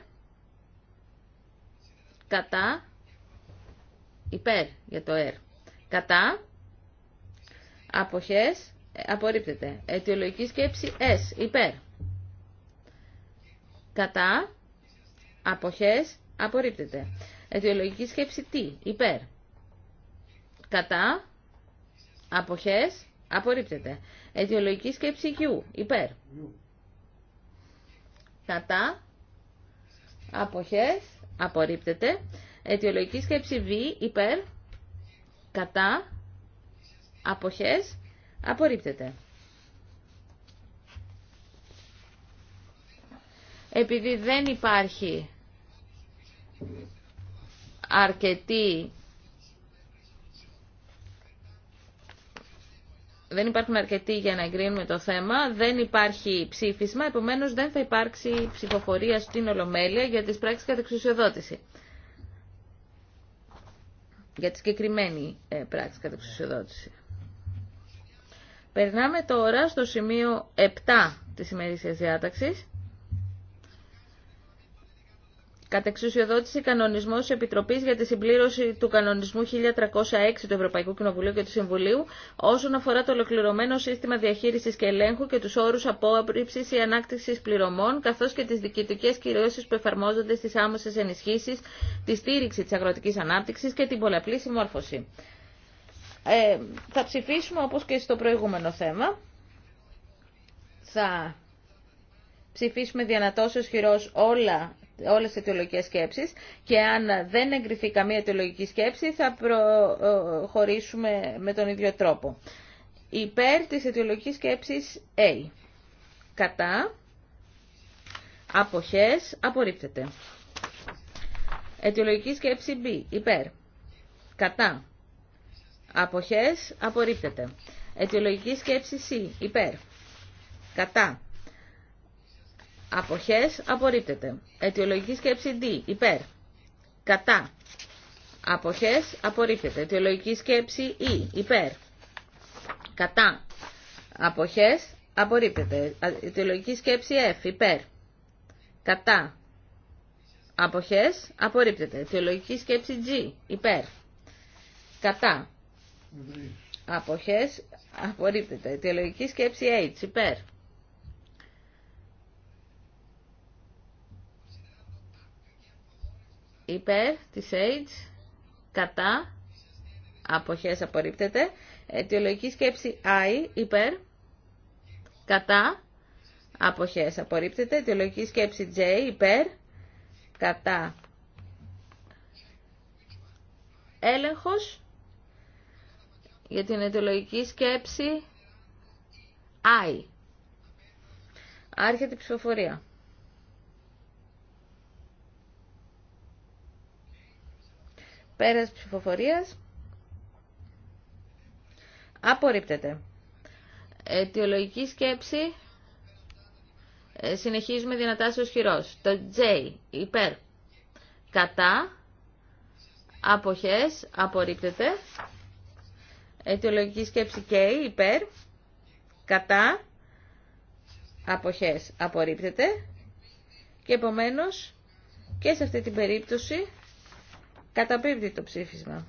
S1: κατά, υπέρ για το R, κατά, αποχές, απορρίπτεται. Αιτιολογική σκέψη S, υπέρ, κατά, αποχές, απορρίπτεται. Αιτιολογική σκέψη T, υπέρ, κατά, αποχές, Απορρίπτεται. Αιτιολογική σκέψη Q. Υπέρ. Κατά. Αποχές. Απορρίπτεται. Αιτιολογική σκέψη Β. Υπέρ. Κατά. Αποχές. Απορρίπτεται. Επειδή δεν υπάρχει αρκετή δεν υπάρχουν αρκετοί για να εγκρίνουμε το θέμα, δεν υπάρχει ψήφισμα, επομένως δεν θα υπάρξει ψηφοφορία στην Ολομέλεια για τις κατά κατεξουσιοδότηση. Για τη συγκεκριμένη ε, πράξη κατεξουσιοδότηση. Περνάμε τώρα στο σημείο 7 της ημερήσιας διάταξης εξουσιοδότηση κανονισμό τη Επιτροπή για τη συμπλήρωση του κανονισμού 1306 του Ευρωπαϊκού Κοινοβουλίου και του Συμβουλίου όσον αφορά το ολοκληρωμένο σύστημα διαχείριση και ελέγχου και του όρου απόρριψη ή ανάκτηση πληρωμών, καθώ και τι διοικητικέ κυρώσει που εφαρμόζονται στι άμεσε ενισχύσει, τη στήριξη τη αγροτική ανάπτυξη και την πολλαπλή συμμόρφωση. Ε, θα ψηφίσουμε όπω και στο προηγούμενο θέμα. Θα ψηφίσουμε διανατώσεως χειρός όλα όλες τις αιτιολογικές σκέψεις και αν δεν εγκριθεί καμία αιτιολογική σκέψη θα προχωρήσουμε με τον ίδιο τρόπο. Υπέρ της αιτιολογικής σκέψης A. Κατά. Αποχές. Απορρίπτεται. Αιτιολογική σκέψη B. Υπέρ. Κατά. Αποχές. Απορρίπτεται. Αιτιολογική σκέψη C. Υπέρ. Κατά. Αποχές απορρίπτεται. Αιτιολογική σκέψη D. Υπέρ. Κατά. Αποχές απορρίπτεται. Αιτιολογική σκέψη E. Υπέρ. Κατά. Αποχές απορρίπτεται. Αιτιολογική σκέψη F. Υπέρ. Κατά. Αποχές απορρίπτεται. Αιτιολογική σκέψη G. Υπέρ. Κατά. Αποχές απορρίπτεται. Αιτιολογική σκέψη H. Υπέρ. υπέρ της AIDS, κατά, αποχές απορρίπτεται, αιτιολογική σκέψη I, υπέρ, κατά, αποχές απορρίπτεται, αιτιολογική σκέψη J, υπέρ, κατά, έλεγχος, για την αιτιολογική σκέψη I. Άρχεται η ψηφοφορία. Πέρας ψηφοφορίας. Απορρίπτεται. Αιτιολογική σκέψη. Ε, συνεχίζουμε δυνατά στο χειρός. Το J, υπέρ. Κατά. Αποχές. Απορρίπτεται. Αιτιολογική σκέψη K, υπέρ. Κατά. Αποχές. Απορρίπτεται. Και επομένως και σε αυτή την περίπτωση Καταπίπτει το ψήφισμα.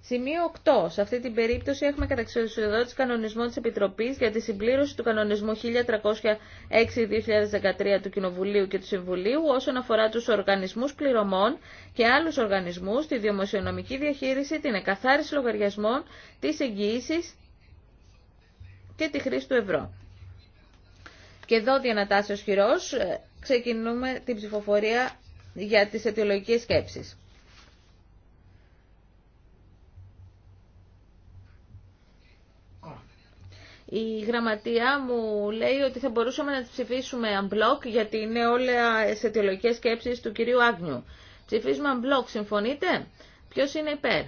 S1: Σημείο 8. Σε αυτή την περίπτωση έχουμε καταξιοδότηση κανονισμών της Επιτροπής για τη συμπλήρωση του κανονισμού 1306-2013 του Κοινοβουλίου και του Συμβουλίου όσον αφορά τους οργανισμούς πληρωμών και άλλους οργανισμούς, τη δημοσιονομική διαχείριση, την εκαθάριση λογαριασμών, τις εγγυήσεις και τη χρήση του ευρώ. Και εδώ διανατάσσεως χειρός ε, ξεκινούμε την ψηφοφορία για τις αιτιολογικές σκέψεις. Η γραμματεία μου λέει ότι θα μπορούσαμε να τις ψηφίσουμε unblock γιατί είναι όλα σε αιτιολογικές σκέψεις του κυρίου Άγνιου. Ψηφίζουμε unblock, συμφωνείτε? Ποιος είναι υπέρ?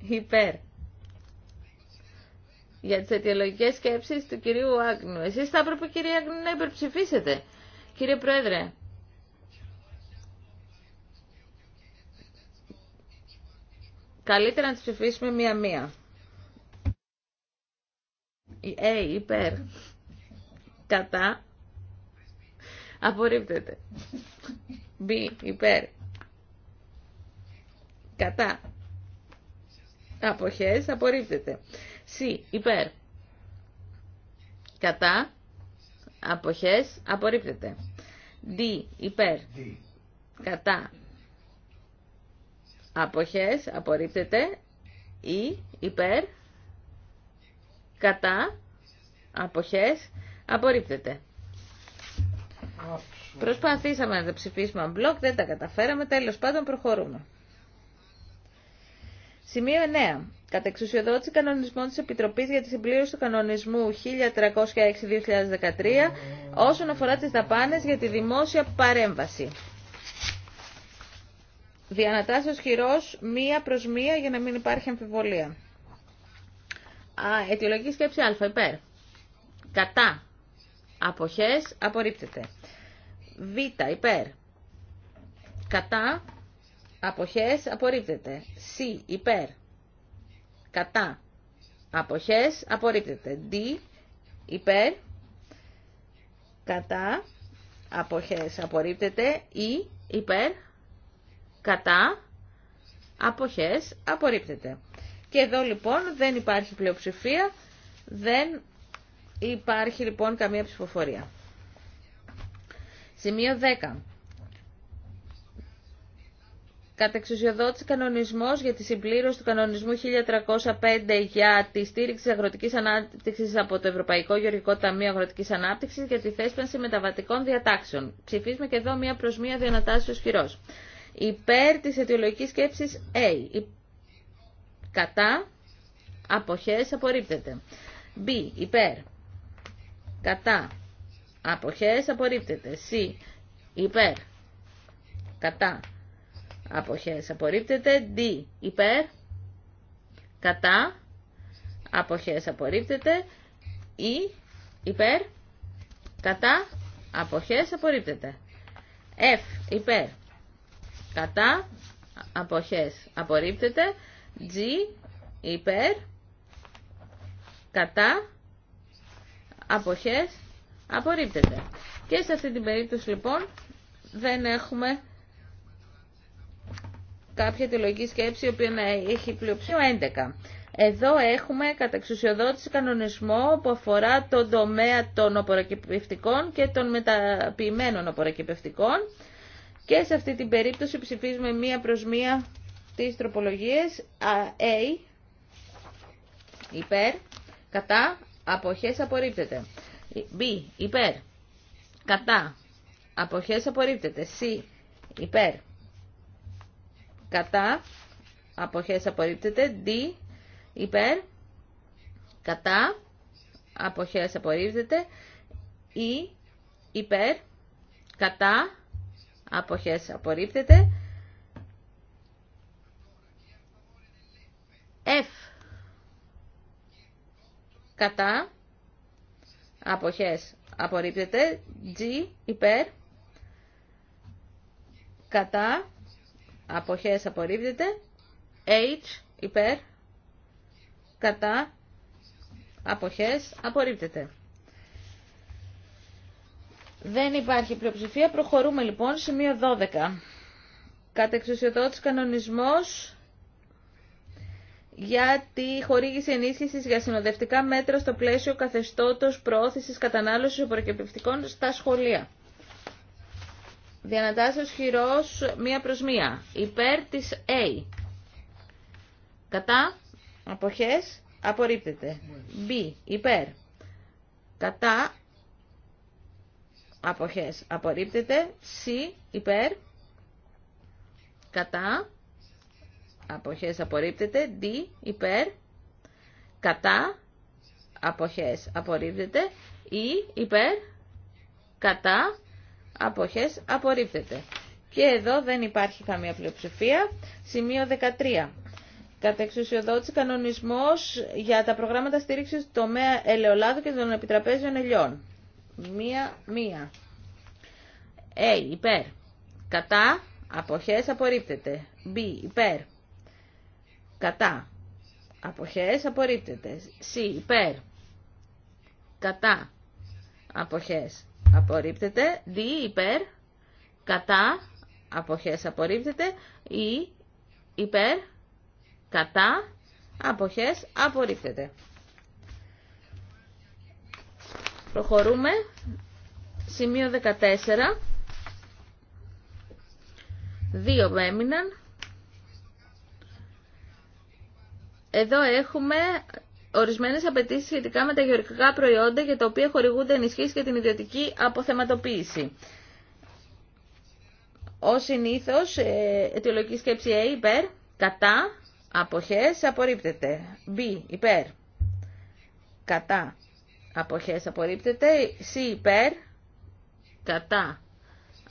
S1: υπέρ. Για τις αιτιολογικές σκέψεις του κυρίου Άγνου. Εσείς θα έπρεπε κύριε Άγνου να υπερψηφίσετε. Κύριε Πρόεδρε. Καλύτερα να τις ψηφίσουμε μία-μία. Ε, υπέρ. Κατά. Απορρίπτεται. Μπ, υπέρ. Κατά. Αποχές απορρίπτεται. Σι. Υπέρ. Κατά. Αποχές απορρίπτεται. Δι. Υπέρ. Κατά. Αποχές απορρίπτεται. Ή. Υπέρ. Κατά. Αποχές απορρίπτεται. Προσπαθήσαμε να το ψηφίσουμε μπλοκ, δεν τα καταφέραμε, τέλος πάντων προχωρούμε. Σημείο 9. Κατά εξουσιοδότηση κανονισμών της Επιτροπής για τη συμπλήρωση του κανονισμού 1306-2013 όσον αφορά τις δαπάνες για τη δημόσια παρέμβαση. Διανατάσσεως χειρός μία προς μία για να μην υπάρχει αμφιβολία. Α, αιτιολογική σκέψη α, υπέρ. Κατά. Αποχές, απορρίπτεται. Β, υπέρ. Κατά, Αποχές απορρίπτεται. Σι Υπέρ. Κατά. Αποχές απορρίπτεται. D. Υπέρ. Κατά. Αποχές απορρίπτεται. Ή. υπέρ. Κατά. Αποχές απορρίπτεται. Και εδώ λοιπόν δεν υπάρχει πλειοψηφία. Δεν υπάρχει λοιπόν καμία ψηφοφορία. Σημείο 10. Κατεξουσιοδότηση κανονισμός για τη συμπλήρωση του κανονισμού 1305 για τη στήριξη αγροτική αγροτικής ανάπτυξης από το Ευρωπαϊκό Γεωργικό Ταμείο Αγροτικής Ανάπτυξη για τη θέσπανση μεταβατικών διατάξεων. Ψηφίζουμε και εδώ μία προς μία ο χειρός. Υπέρ τη αιτιολογική σκέψη A. Κατά. απόχέ απορρίπτεται. B. Υπέρ. Κατά. αποχέ απορρίπτεται. C. Υπέρ. Κατά αποχές απορρίπτεται, D υπέρ, κατά, αποχές απορρίπτεται, E υπέρ, κατά, αποχές απορρίπτεται. F υπέρ, κατά, αποχές απορρίπτεται, G υπέρ, κατά, αποχές απορρίπτεται. Και σε αυτή την περίπτωση λοιπόν δεν έχουμε κάποια λογική σκέψη, η οποία έχει πλειοψηφία 11. Εδώ έχουμε καταξουσιοδότηση κανονισμό που αφορά τον τομέα των απορροκυπευτικών και των μεταποιημένων απορροκυπευτικών Και σε αυτή την περίπτωση ψηφίζουμε μία προς μία τις τροπολογίες A, υπέρ, κατά, αποχές απορρίπτεται. B, υπέρ, κατά, αποχές απορρίπτεται. C, υπέρ, κατά, αποχές απορρίπτεται, D, υπέρ, κατά, αποχές απορρίπτεται, E, υπέρ, κατά, αποχές απορρίπτεται, F, κατά, αποχές απορρίπτεται, G, υπέρ, κατά, αποχές απορρίπτεται. H υπέρ κατά αποχές απορρίπτεται. Δεν υπάρχει πλειοψηφία. Προχωρούμε λοιπόν σημείο 12. εξουσιοδότης κανονισμός για τη χορήγηση ενίσχυσης για συνοδευτικά μέτρα στο πλαίσιο καθεστώτος προώθησης κατανάλωσης οπωροκεπιπτικών στα σχολεία. Διανατάσσεως χειρός μία προς μία. Υπέρ της A. Κατά. Αποχές. Απορρίπτεται. B. Υπέρ. Κατά. Αποχές. Απορρίπτεται. C. Υπέρ. Κατά. Αποχές. Απορρίπτεται. D. Υπέρ. Κατά. Αποχές. Απορρίπτεται. E. Υπέρ. Κατά αποχές απορρίπτεται. Και εδώ δεν υπάρχει καμία πλειοψηφία. Σημείο 13. Κατά εξουσιοδότηση κανονισμός για τα προγράμματα στήριξης του τομέα ελαιολάδου και των επιτραπέζιων ελιών. Μία, μία. Ε, υπέρ. Κατά, αποχές απορρίπτεται. Β, υπέρ. Κατά. Αποχές απορρίπτεται. Σ, υπέρ. Κατά. Αποχές απορρίπτεται. Δι, υπέρ, κατά, αποχές απορρίπτεται. ή υπέρ, κατά, αποχές απορρίπτεται. Προχωρούμε. Σημείο 14. Δύο μέμειναν. Εδώ έχουμε ορισμένες απαιτήσεις σχετικά με τα γεωργικά προϊόντα για τα οποία χορηγούνται ενισχύσει για την ιδιωτική αποθεματοποίηση. Ω συνήθως, ε, αιτιολογική σκέψη A υπέρ, κατά, αποχές, απορρίπτεται. B υπέρ, κατά, αποχές, απορρίπτεται. C υπέρ, κατά,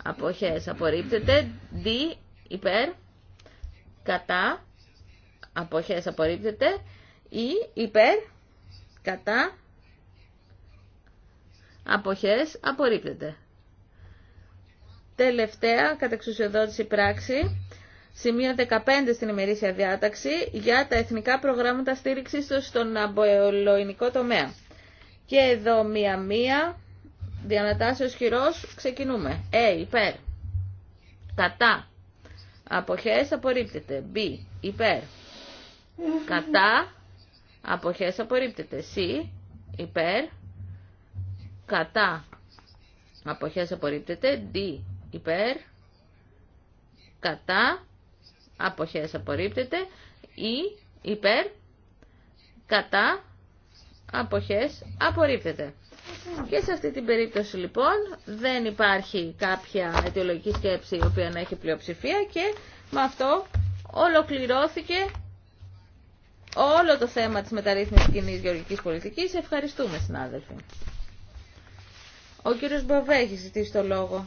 S1: αποχές, απορρίπτεται. D υπέρ, κατά, αποχές, απορρίπτεται ή υπέρ, κατά, αποχές, απορρίπτεται. Τελευταία κατεξουσιοδότηση πράξη, σημείο 15 στην ημερήσια διάταξη για τα εθνικά προγράμματα στήριξης στον αμποελοϊνικό τομέα. Και εδώ μία-μία, διανατάσεως χειρός, ξεκινούμε. Ε, υπέρ, κατά, αποχές, απορρίπτεται. B υπέρ,
S3: κατά,
S1: Αποχές απορρίπτεται. C υπέρ, κατά. Αποχές απορρίπτεται. D υπέρ, κατά. Αποχές απορρίπτεται. Ή, υπέρ, κατά. Αποχές απορρίπτεται. Και σε αυτή την περίπτωση λοιπόν δεν υπάρχει κάποια αιτιολογική σκέψη η οποία να έχει πλειοψηφία και με αυτό ολοκληρώθηκε όλο το θέμα της μεταρρύθμισης κοινή γεωργικής πολιτικής. Ευχαριστούμε, συνάδελφοι. Ο κύριος Μπαβέ έχει ζητήσει το λόγο.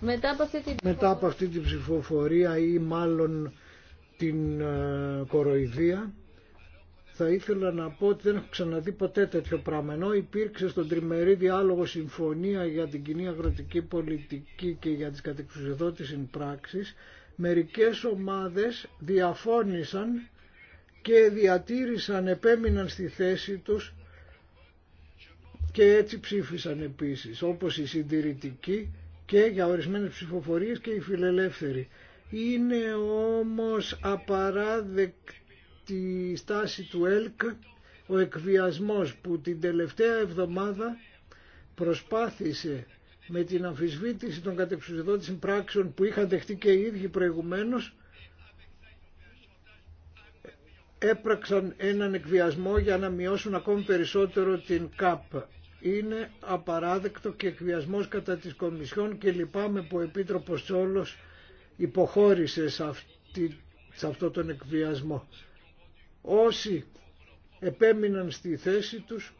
S1: Μετά από αυτή την, Μετά
S3: ψηφοφορία ή μάλλον την ε, κοροϊδία θα ήθελα να πω ότι δεν έχω ξαναδεί ποτέ τέτοιο πράγμα. Ενώ υπήρξε στον τριμερή διάλογο συμφωνία για την κοινή αγροτική πολιτική και για τις κατεξουσιοδότησης πράξης, μερικές ομάδες διαφώνησαν και διατήρησαν, επέμειναν στη θέση τους και έτσι ψήφισαν επίσης, όπως οι συντηρητικοί και για ορισμένες ψηφοφορίες και οι φιλελεύθεροι. Είναι όμως απαράδεκτη στάση του ΕΛΚ ο εκβιασμός που την τελευταία εβδομάδα προσπάθησε με την αμφισβήτηση των κατεξουσιοδότησης πράξεων που είχαν δεχτεί και οι ίδιοι προηγουμένως έπραξαν έναν εκβιασμό για να μειώσουν ακόμη περισσότερο την ΚΑΠ. Είναι απαράδεκτο και εκβιασμός κατά της Κομισιόν και λυπάμαι που ο Επίτροπος Τσόλος υποχώρησε σε, αυτό τον εκβιασμό. Όσοι επέμειναν στη θέση τους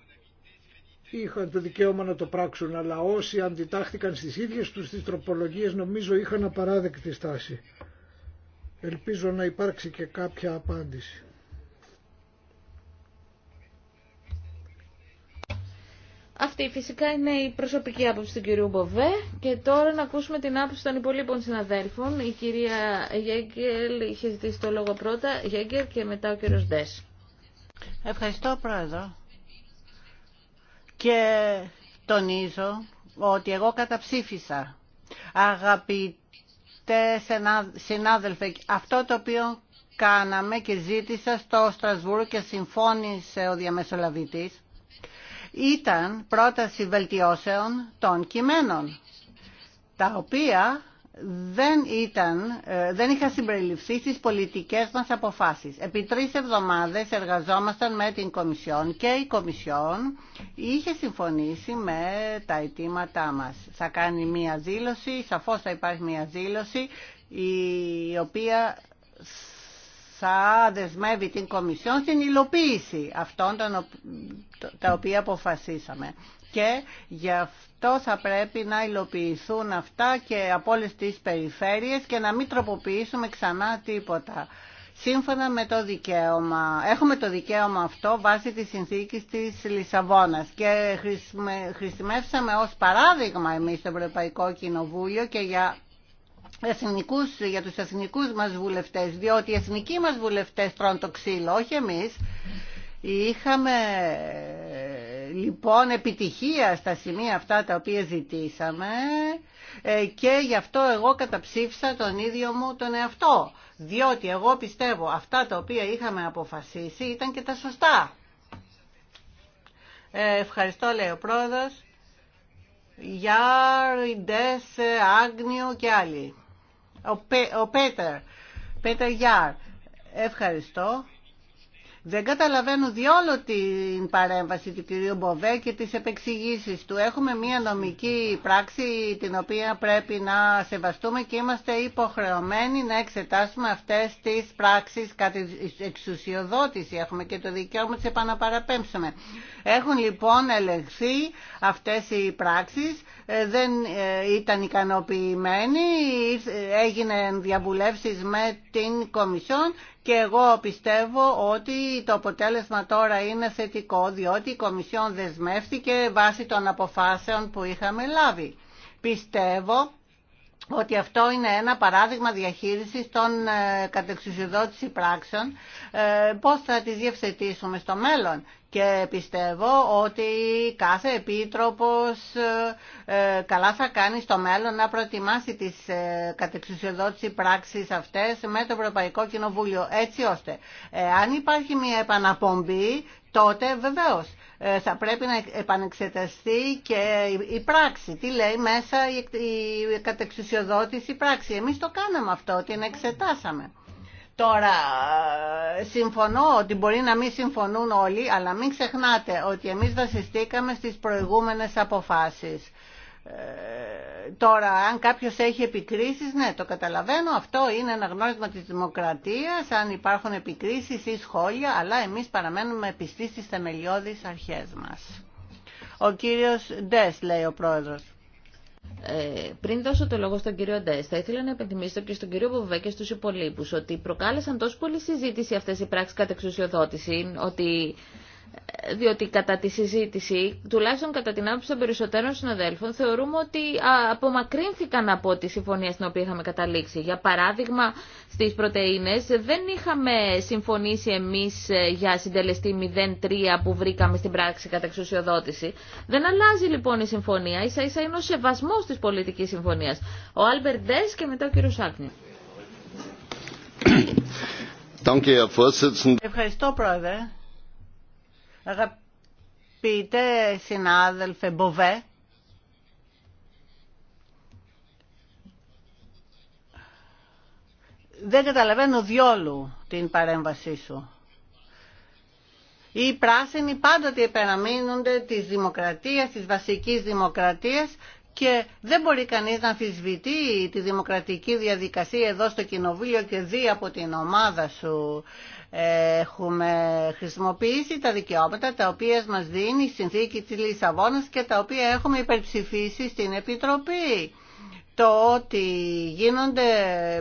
S3: είχαν το δικαίωμα να το πράξουν, αλλά όσοι αντιτάχθηκαν στις ίδιες τους τις τροπολογίες νομίζω είχαν απαράδεκτη στάση. Ελπίζω να υπάρξει και κάποια απάντηση.
S1: Αυτή φυσικά είναι η προσωπική άποψη του κυρίου Μποβέ και τώρα να ακούσουμε την άποψη των υπολείπων συναδέλφων. Η κυρία Γέγκελ είχε ζητήσει το λόγο πρώτα, Γέγκελ και μετά ο κύριος
S2: Ντές. Ευχαριστώ πρόεδρο και τονίζω ότι εγώ καταψήφισα. Αγαπητέ συνάδελφε, αυτό το οποίο κάναμε και ζήτησα στο Στρασβούργο και συμφώνησε ο διαμεσολαβητής ήταν πρόταση βελτιώσεων των κειμένων, τα οποία δεν, ήταν, ε, είχα συμπεριληφθεί στις πολιτικές μας αποφάσεις. Επί τρεις εβδομάδες εργαζόμασταν με την Κομισιόν και η Κομισιόν είχε συμφωνήσει με τα αιτήματά μας. Θα κάνει μία δήλωση, σαφώς θα υπάρχει μία δήλωση η οποία θα δεσμεύει την Κομισιόν στην υλοποίηση αυτών τα οποία αποφασίσαμε και γι' αυτό θα πρέπει να υλοποιηθούν αυτά και από όλε τις περιφέρειες και να μην τροποποιήσουμε ξανά τίποτα. Σύμφωνα με το δικαίωμα, έχουμε το δικαίωμα αυτό βάσει τη συνθήκης τη Λισαβόνας και χρησιμεύσαμε ως παράδειγμα εμεί το Ευρωπαϊκό Κοινοβούλιο και για εθνικούς, για τους εθνικούς μας βουλευτές, διότι οι εθνικοί μας βουλευτές τρώνε το ξύλο, όχι εμείς. Είχαμε λοιπόν επιτυχία στα σημεία αυτά τα οποία ζητήσαμε ε, και γι' αυτό εγώ καταψήφισα τον ίδιο μου τον εαυτό. Διότι εγώ πιστεύω αυτά τα οποία είχαμε αποφασίσει ήταν και τα σωστά. Ε, ευχαριστώ λέει ο πρόεδρος. Γιάρ, Ιντές, Άγνιο και άλλοι. Ο, Πέ, ο Πέτερ, Πέτερ Γιάρ. Ευχαριστώ. Δεν καταλαβαίνω διόλο την παρέμβαση του κυρίου Μποβέ και τις επεξηγήσεις του. Έχουμε μία νομική πράξη την οποία πρέπει να σεβαστούμε και είμαστε υποχρεωμένοι να εξετάσουμε αυτές τις πράξεις κατά εξουσιοδότηση. Έχουμε και το δικαίωμα τις επαναπαραπέμψουμε. Έχουν λοιπόν ελεγχθεί αυτές οι πράξεις ε, δεν ε, ήταν ικανοποιημένοι, ε, έγινε διαβουλεύσεις με την Κομισιόν και εγώ πιστεύω ότι το αποτέλεσμα τώρα είναι θετικό διότι η Κομισιόν δεσμεύτηκε βάσει των αποφάσεων που είχαμε λάβει. Πιστεύω ότι αυτό είναι ένα παράδειγμα διαχείρισης των κατεξουσιοδότηση πράξεων, πώς θα τις διευθετήσουμε στο μέλλον και πιστεύω ότι κάθε επίτροπος ε, καλά θα κάνει στο μέλλον να προετοιμάσει τις ε, κατεξουσιοδότηση πράξεις αυτές με το Ευρωπαϊκό Κοινοβούλιο έτσι ώστε ε, αν υπάρχει μια επαναπομπή τότε βεβαίως θα πρέπει να επανεξεταστεί και η πράξη. Τι λέει μέσα η κατεξουσιοδότηση πράξη. Εμείς το κάναμε αυτό, την εξετάσαμε. Τώρα, ε, συμφωνώ ότι μπορεί να μην συμφωνούν όλοι, αλλά μην ξεχνάτε ότι εμείς βασιστήκαμε στις προηγούμενες αποφάσεις. Ε, τώρα, αν κάποιος έχει επικρίσεις, ναι, το καταλαβαίνω, αυτό είναι ένα γνώρισμα της δημοκρατίας, αν υπάρχουν επικρίσεις ή σχόλια, αλλά εμείς παραμένουμε πιστοί στις θεμελιώδεις αρχές μας. Ο κύριος
S1: Ντες, λέει ο πρόεδρος. Ε, πριν δώσω το λόγο στον κύριο Ντέ, θα ήθελα να επενθυμίσω και στον κύριο Μποβέ και στου υπολείπου ότι προκάλεσαν τόσο πολύ συζήτηση αυτέ οι πράξει κατεξουσιοδότηση, ότι διότι κατά τη συζήτηση, τουλάχιστον κατά την άποψη των περισσότερων συναδέλφων, θεωρούμε ότι απομακρύνθηκαν από τη συμφωνία στην οποία είχαμε καταλήξει. Για παράδειγμα, στις πρωτεΐνες δεν είχαμε συμφωνήσει εμείς ε, για συντελεστή 0,3 που βρήκαμε στην πράξη κατά εξουσιοδότηση. Δεν αλλάζει λοιπόν η συμφωνία, ίσα ίσα είναι ο σεβασμός της πολιτικής συμφωνίας. Ο Άλμπερ Ντες και μετά ο κύριος
S2: Σάκνη. Ευχαριστώ πρόεδρε. Αγαπητέ συνάδελφε Μποβέ, δεν καταλαβαίνω διόλου την παρέμβασή σου. Οι πράσινοι πάντοτε επαναμείνονται της δημοκρατίας, της βασικής δημοκρατίας και δεν μπορεί κανείς να αμφισβητεί τη δημοκρατική διαδικασία εδώ στο Κοινοβούλιο και δει από την ομάδα σου Έχουμε χρησιμοποιήσει τα δικαιώματα τα οποία μας δίνει η συνθήκη της Λισαβόνας και τα οποία έχουμε υπερψηφίσει στην Επιτροπή το ότι γίνονται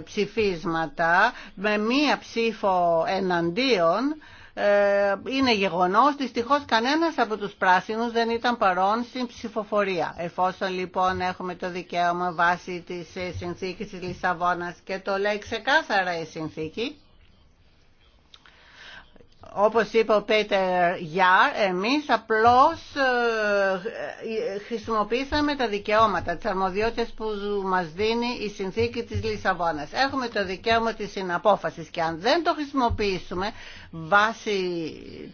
S2: ψηφίσματα με μία ψήφο εναντίον ε, είναι γεγονός. Δυστυχώς κανένας από τους πράσινους δεν ήταν παρόν στην ψηφοφορία. Εφόσον λοιπόν έχουμε το δικαίωμα βάσει της ε, συνθήκης της Λισαβόνας και το λέει ξεκάθαρα η συνθήκη, όπως είπε ο Πέτερ Γιάρ, εμείς απλώς ε, χρησιμοποίησαμε τα δικαιώματα, τις αρμοδιότητες που μας δίνει η συνθήκη της Λισαβόνας. Έχουμε το δικαίωμα της συναπόφασης και αν δεν το χρησιμοποιήσουμε βάσει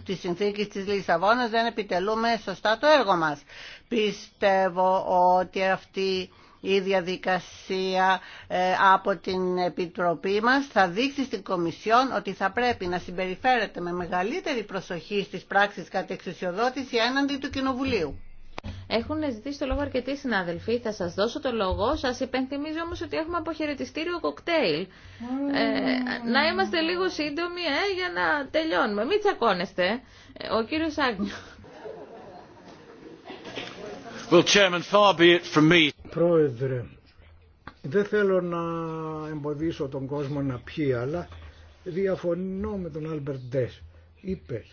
S2: της συνθήκης της Λισαβόνας δεν επιτελούμε σωστά το έργο μας. Πιστεύω ότι αυτή η διαδικασία ε, από την Επιτροπή μας θα δείξει στην Κομισιόν ότι θα πρέπει να συμπεριφέρεται με μεγαλύτερη προσοχή στις πράξεις κατά εξουσιοδότηση έναντι του Κοινοβουλίου. Έχουν
S1: ζητήσει το λόγο αρκετοί συνάδελφοι. Θα σας δώσω το λόγο. Σας υπενθυμίζω όμως ότι έχουμε αποχαιρετιστήριο κοκτέιλ.
S3: Ε,
S1: να είμαστε λίγο σύντομοι ε, για να τελειώνουμε. Μην τσακώνεστε. Ε, ο κύριος Άγνιο.
S3: Well, Πρόεδρε, δεν θέλω να εμποδίσω τον κόσμο να πιει, αλλά διαφωνώ με τον Άλμπερτ Ντες. Είπε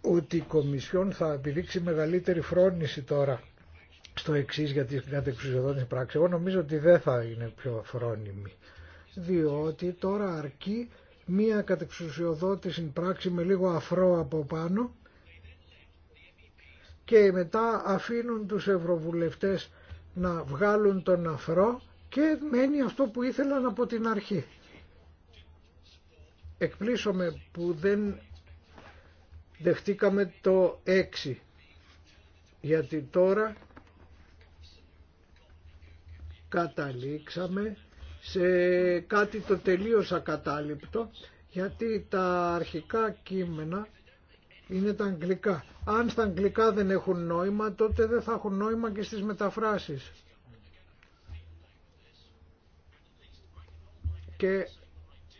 S3: ότι η Κομισιόν θα επιδείξει μεγαλύτερη φρόνηση τώρα στο εξή για τις κατεξουσιοδότηση πράξη. Εγώ νομίζω ότι δεν θα είναι πιο φρόνιμη, διότι τώρα αρκεί μία κατεξουσιοδότηση πράξη με λίγο αφρό από πάνω και μετά αφήνουν τους ευρωβουλευτές να βγάλουν τον αφρό και μένει αυτό που ήθελαν από την αρχή. Εκπλήσωμε που δεν δεχτήκαμε το 6 γιατί τώρα καταλήξαμε σε κάτι το τελείως ακατάληπτο γιατί τα αρχικά κείμενα είναι τα αγγλικά. Αν στα αγγλικά δεν έχουν νόημα, τότε δεν θα έχουν νόημα και στις μεταφράσεις. Και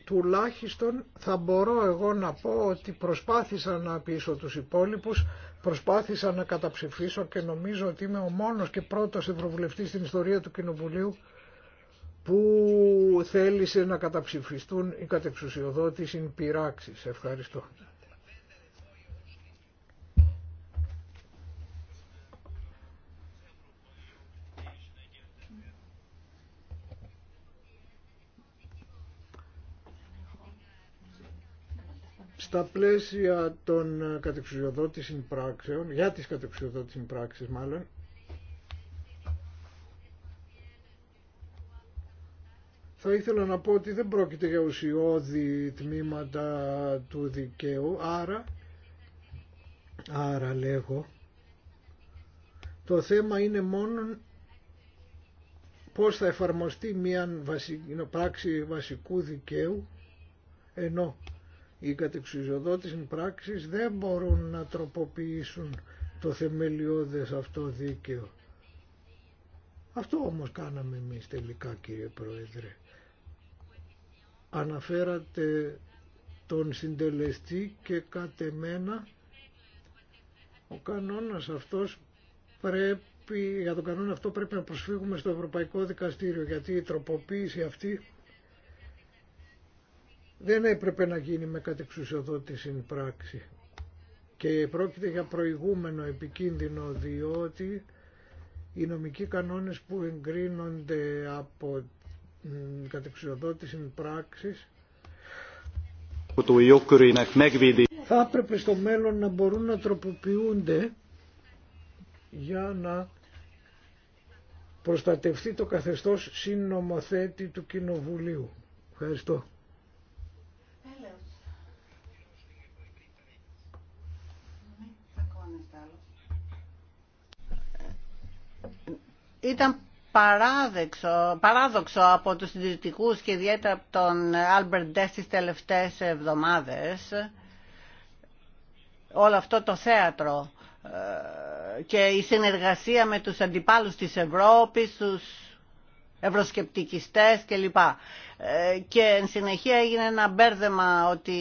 S3: τουλάχιστον θα μπορώ εγώ να πω ότι προσπάθησα να πείσω τους υπόλοιπους, προσπάθησα να καταψηφίσω και νομίζω ότι είμαι ο μόνος και πρώτος ευρωβουλευτής στην ιστορία του Κοινοβουλίου που θέλησε να καταψηφιστούν οι κατεξουσιοδότης πειράξεις. Ευχαριστώ. στα πλαίσια των ε, κατεξουσιοδότησης πράξεων, για τις κατεξουσιοδότησης πράξεις μάλλον, θα ήθελα να πω ότι δεν πρόκειται για ουσιώδη τμήματα του δικαίου, άρα, άρα λέγω, το θέμα είναι μόνο πώς θα εφαρμοστεί μια πράξη βασικού δικαίου, ενώ οι κατεξουσιοδότης πράξεις δεν μπορούν να τροποποιήσουν το θεμελιώδες αυτό δίκαιο. Αυτό όμως κάναμε εμείς τελικά κύριε Πρόεδρε. Αναφέρατε τον συντελεστή και κατεμένα. ο κανόνας αυτός πρέπει, για τον κανόνα αυτό πρέπει να προσφύγουμε στο Ευρωπαϊκό Δικαστήριο γιατί η τροποποίηση αυτή δεν έπρεπε να γίνει με κατεξουσιοδότηση πράξη. Και πρόκειται για προηγούμενο επικίνδυνο διότι οι νομικοί κανόνες που εγκρίνονται από κατεξουσιοδότηση πράξη θα έπρεπε στο μέλλον να μπορούν να τροποποιούνται για να προστατευτεί το καθεστώς συνομοθέτη του Κοινοβουλίου. Ευχαριστώ.
S2: ήταν παράδοξο, παράδοξο από τους συντηρητικούς και ιδιαίτερα από τον Άλμπερντ Ντε στις τελευταίες εβδομάδες όλο αυτό το θέατρο ε, και η συνεργασία με τους αντιπάλους της Ευρώπης, τους ευρωσκεπτικιστές κλπ. Ε, και εν συνεχεία έγινε ένα μπέρδεμα ότι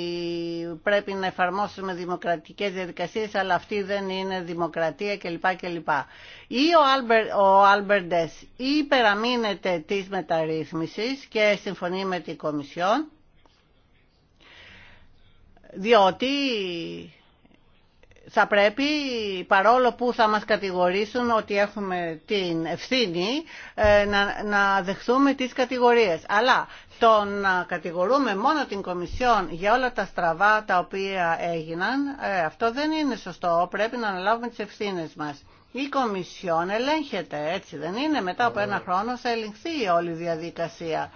S2: πρέπει να εφαρμόσουμε δημοκρατικές διαδικασίες αλλά αυτή δεν είναι δημοκρατία κλπ. Ή ο Άλμπερντες ο υπεραμείνεται της μεταρρύθμισης και συμφωνεί με την Κομισιόν διότι θα πρέπει, παρόλο που θα μας κατηγορήσουν ότι έχουμε την ευθύνη, ε, να, δεχθούμε τις κατηγορίες. Αλλά το να κατηγορούμε μόνο την Κομισιόν για όλα τα στραβά τα οποία έγιναν, ε, αυτό δεν είναι σωστό. Πρέπει να αναλάβουμε τις ευθύνες μας. Η Κομισιόν ελέγχεται, έτσι δεν είναι. Μετά από ένα χρόνο θα ελεγχθεί όλη η διαδικασία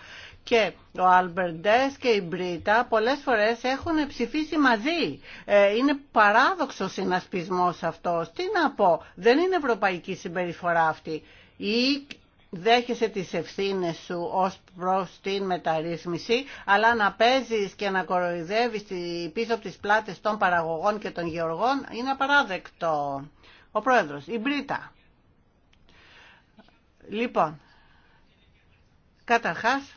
S2: και ο Αλμπερντές και η Μπρίτα πολλές φορές έχουν ψηφίσει μαζί. Ε, είναι παράδοξο συνασπισμός αυτός. Τι να πω, δεν είναι ευρωπαϊκή συμπεριφορά αυτή. Ή δέχεσαι τις ευθύνες σου ως προς την μεταρρύθμιση, αλλά να παίζεις και να κοροϊδεύεις πίσω από τις πλάτες των παραγωγών και των γεωργών είναι απαράδεκτο. Ο πρόεδρος, η Μπρίτα. Λοιπόν, καταρχάς,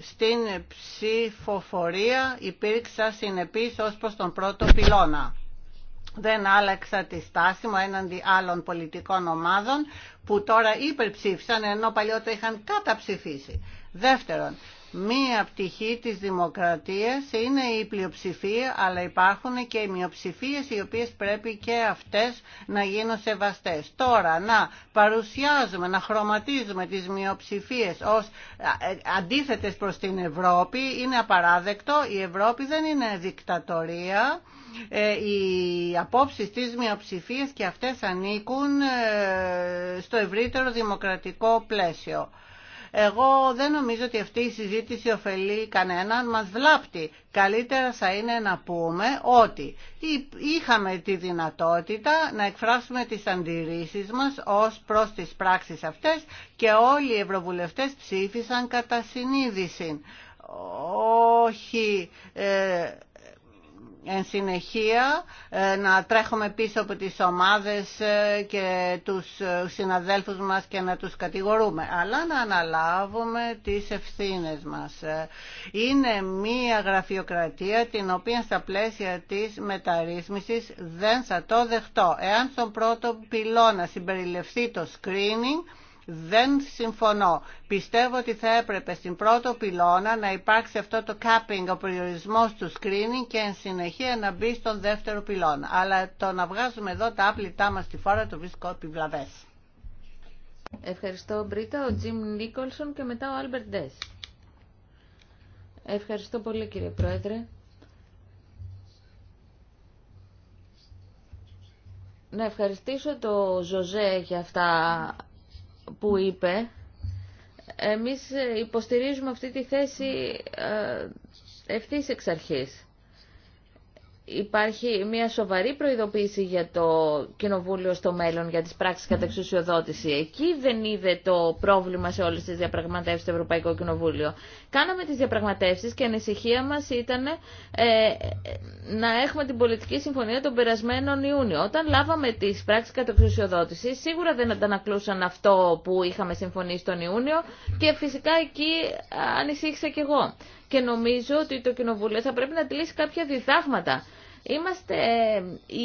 S2: στην ψηφοφορία υπήρξα συνεπής ως προς τον πρώτο πυλώνα. Δεν άλλαξα τη στάση μου έναντι άλλων πολιτικών ομάδων που τώρα υπερψήφισαν ενώ παλιότερα είχαν καταψηφίσει. Δεύτερον, Μία πτυχή της δημοκρατίας είναι η πλειοψηφία, αλλά υπάρχουν και οι μειοψηφίες οι οποίες πρέπει και αυτές να γίνουν σεβαστές. Τώρα να παρουσιάζουμε, να χρωματίζουμε τις μειοψηφίες ως ε, ε, αντίθετες προς την Ευρώπη είναι απαράδεκτο. Η Ευρώπη δεν είναι δικτατορία. Ε, οι απόψεις της μειοψηφίας και αυτές ανήκουν στο ευρύτερο δημοκρατικό πλαίσιο. Εγώ δεν νομίζω ότι αυτή η συζήτηση ωφελεί κανέναν, μας βλάπτει. Καλύτερα θα είναι να πούμε ότι είχαμε τη δυνατότητα να εκφράσουμε τις αντιρρήσεις μας ως προς τις πράξεις αυτές και όλοι οι ευρωβουλευτές ψήφισαν κατά συνείδηση. Όχι... Ε, εν συνεχεία ε, να τρέχουμε πίσω από τις ομάδες ε, και τους ε, συναδέλφους μας και να τους κατηγορούμε, αλλά να αναλάβουμε τις ευθύνες μας. Είναι μία γραφειοκρατία την οποία στα πλαίσια της μεταρρύθμισης δεν θα το δεχτώ. Εάν στον πρώτο πυλώνα συμπεριληφθεί το screening, δεν συμφωνώ. Πιστεύω ότι θα έπρεπε στην πρώτο πυλώνα να υπάρξει αυτό το capping, ο περιορισμός του screening και εν συνεχεία να μπει στον δεύτερο πυλώνα. Αλλά το να βγάζουμε εδώ τα άπλητά μας τη φόρα το βρίσκω επιβλαβές.
S1: Ευχαριστώ Μπρίτα, ο Τζιμ Νίκολσον και μετά ο Άλμπερτ Ντες. Ευχαριστώ πολύ κύριε Πρόεδρε. Να ευχαριστήσω το Ζωζέ για αυτά που είπε, εμείς υποστηρίζουμε αυτή τη θέση ε, ευθύς εξ αρχής υπάρχει μια σοβαρή προειδοποίηση για το Κοινοβούλιο στο μέλλον για τις πράξεις κατά εξουσιοδότηση. Εκεί δεν είδε το πρόβλημα σε όλες τις διαπραγματεύσεις του Ευρωπαϊκού Κοινοβούλιο. Κάναμε τις διαπραγματεύσεις και η ανησυχία μας ήταν ε, να έχουμε την πολιτική συμφωνία τον περασμένο Ιούνιο. Όταν λάβαμε τις πράξεις κατά εξουσιοδότηση, σίγουρα δεν αντανακλούσαν αυτό που είχαμε συμφωνήσει τον Ιούνιο και φυσικά εκεί ανησύχησα κι εγώ και νομίζω ότι το Κοινοβούλιο θα πρέπει να τελείσει κάποια διδάγματα. Είμαστε ε, οι,